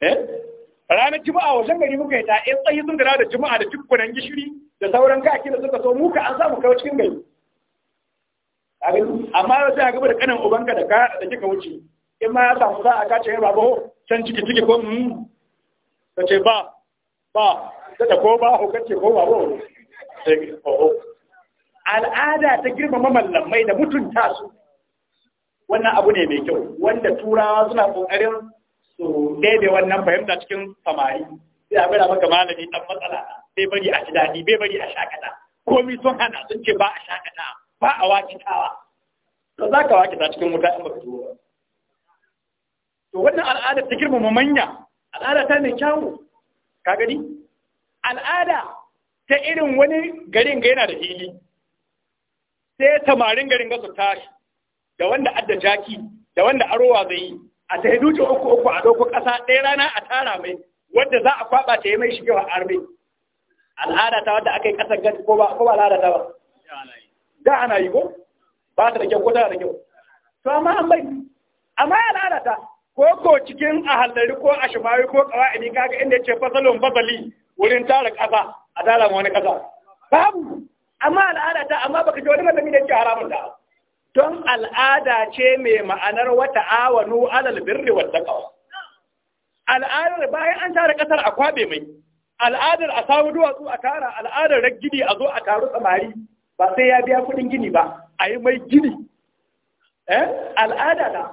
Eh? ranar juma'a wajen gari muka yi ta in tsayi sun da juma'a da tukkunan gishiri da sauran kaki da suka so muka an samu kawo cikin gari amma sai a gaba da kanan ubanka da ka da kika wuce in ma ya samu za a kace ya babo can ciki ciki ko mu? Hmm. ta ce ba ba ta ko ba ko kace ko ba al'ada ta girmama mallamai da mutunta su wannan abu ne mai kyau wanda turawa suna kokarin daidai wannan fahimta cikin samari sai a bada maka malami dan matsala bai bari a ji daɗi bai bari a shakata komi sun hana sun ce ba a shakata ba a wakitawa to za ka wakita cikin wuta in ka tuwo to wannan al'ada ta girmama manya al'ada ta mai kyawu ka gani al'ada ta irin wani garin ga yana da hili sai samarin garin ga su tashi da wanda adda jaki da wanda arowa zai yi a ta uku uku a doku ƙasa ɗaya rana a tara mai wadda za a kwaba ta yi mai wa arme al'ada ta wadda aka yi ƙasar gani ko ba al'ada ta ba da ana yi ko ba ta da kyau ko tana da kyau to amma an bai amma al'ada ta ko ko cikin a hallari ko a shimari ko ni kaga inda ce fasalon fasali wurin tara ƙasa a tara wani ƙasa babu amma al'ada ta amma baka ji wani malami da ke haramun ta don al'ada ce mai ma'anar wata awanu alal birri wa taqwa al'adar bayan an tara ƙasar a kwabe mai al'adar a samu duwatsu a tara al'adar gini a zo a taru samari ba sai ya biya kuɗin gini ba a yi mai gini eh? al'ada na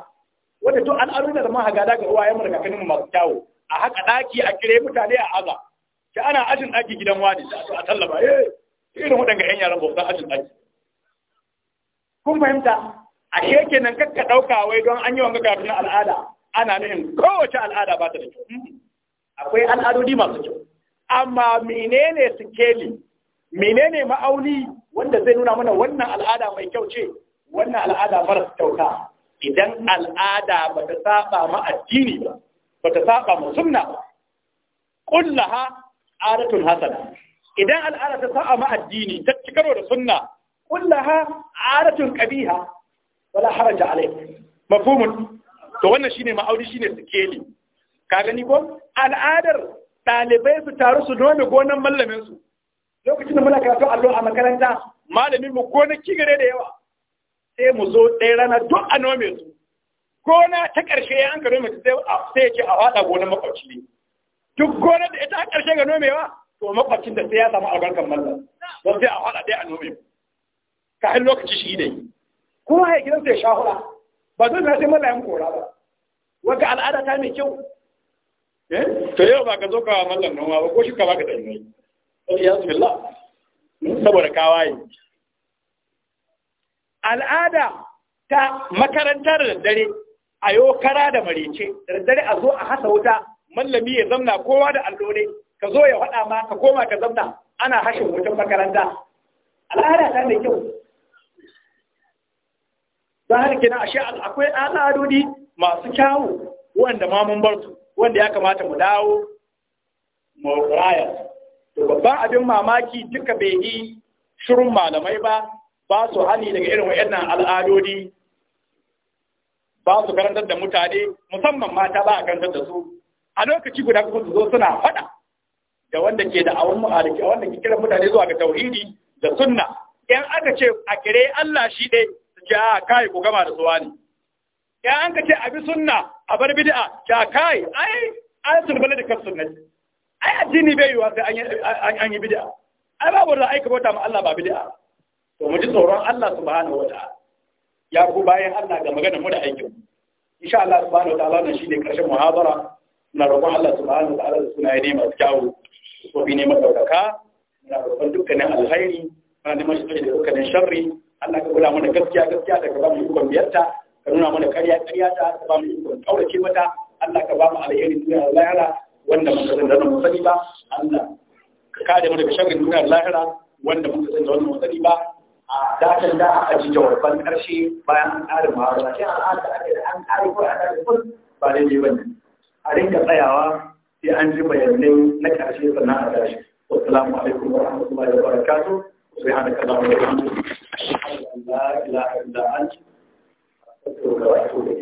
wadda to al'adun da maha gada ga uwayen daga kanin masu kyawu a haka ɗaki a kire mutane a aza ki ana ajin ɗaki gidan wani a tallaba eh irin waɗanga 'yan yaran bautan ajin ɗaki kun fahimta sheke nan kakka ɗauka wai don an yi wanga karatu na al'ada ana nufin kowace al'ada ba ta da kyau hmm. akwai al'adodi masu kyau amma menene keli menene ma'auni wanda zai nuna mana wannan al'ada mai kyau ce wannan al'ada mara kyauta idan al'ada ba ta saba ma addini ba ba ta saba ma sunna ba kullaha adatun hasana idan al'ada ta saba ma addini ta cikaro karo da sunna kullaha عادة qabiha wala haraja alayk مفهوم to wannan shine ma'auri shine sikeli ka gani ko al'adar ɗalibai su taru su nome gonan mallamin su lokacin da muna karatu allo a makaranta malamin mu gonar kigare da yawa sai mu zo ɗaya rana duk a nome su gona ta ƙarshe ya an ka nome sai sai ce a faɗa gonar makwabci ne duk gonar da ita a ƙarshe ga nomewa to makwabcin da sai ya samu albarkar mallam don sai a faɗa dai a nome ka lokaci shi ne kuma ya gidan sai shahura ba zai na sai mallayan kora ba wanda al'ada ta mai kyau eh? to yau ba ka zo kawa mallan noma ba ko shuka ba ka tsaye ya zubillah saboda kawaye al'ada ta makaranta da daddare a yau kara da marece da daddare a zo a hasa wuta mallami ya zamna kowa da allo ne ka zo ya faɗa ma ka koma ka zamna ana hashin wutan makaranta al'ada ta mai kyau don ke na ashe akwai al'adodi masu kyawu wanda ma mun bar wanda ya kamata mu dawo mu raya to babban abin mamaki duka bai yi shirin malamai ba ba su hali daga irin waɗannan al'adodi ba su karantar da mutane musamman mata ba a karantar da su a lokaci guda kuma su zo suna faɗa da wanda ke da awon wanda ke kira mutane zuwa ga tauhidi da sunna in aka ce a kire Allah shi ɗaya ja kai ku gama da suwa ne ya an ka ce abi sunna a bar bid'a ja kai ai an sulbala da kan ai addini bai yiwa sai an yi bid'a ai ba wurin aika bauta ma Allah ba bid'a to mu ji tsoron Allah subhanahu wataala ya ku bayan Allah ga magana mu da aikin insha Allah subhanahu wataala shi ne karshen muhabara na roƙon Allah subhanahu wataala da sunaye ne masu kyawu ko bi ne masaukaka, na roƙon dukkanin alheri, na neman shi da dukkanin sharri Allah ka gura mana gaskiya gaskiya daga ka ba mu ikon biyarta ka nuna mana ƙarya ƙarya ta ka ba mu ikon ƙaurace mata Allah ka ba mu alheri duniya da lahira wanda mun san da mu sani ba Allah ka kare mu daga sharrin duniya da lahira wanda mun san da wannan mu sani ba a dakan da aka ji jawaban ƙarshe bayan an ƙare muhawara shi al'ada ake da an ƙare ko an ƙare kun ba dai ba ne a rinka tsayawa sai an ji bayanai na ƙarshe sannan a tashi wassalamu alaikum warahmatullahi wabarakatuh سبحانك اللهم وبحمدك la ilaha illa anta astaghfiruka wa atubu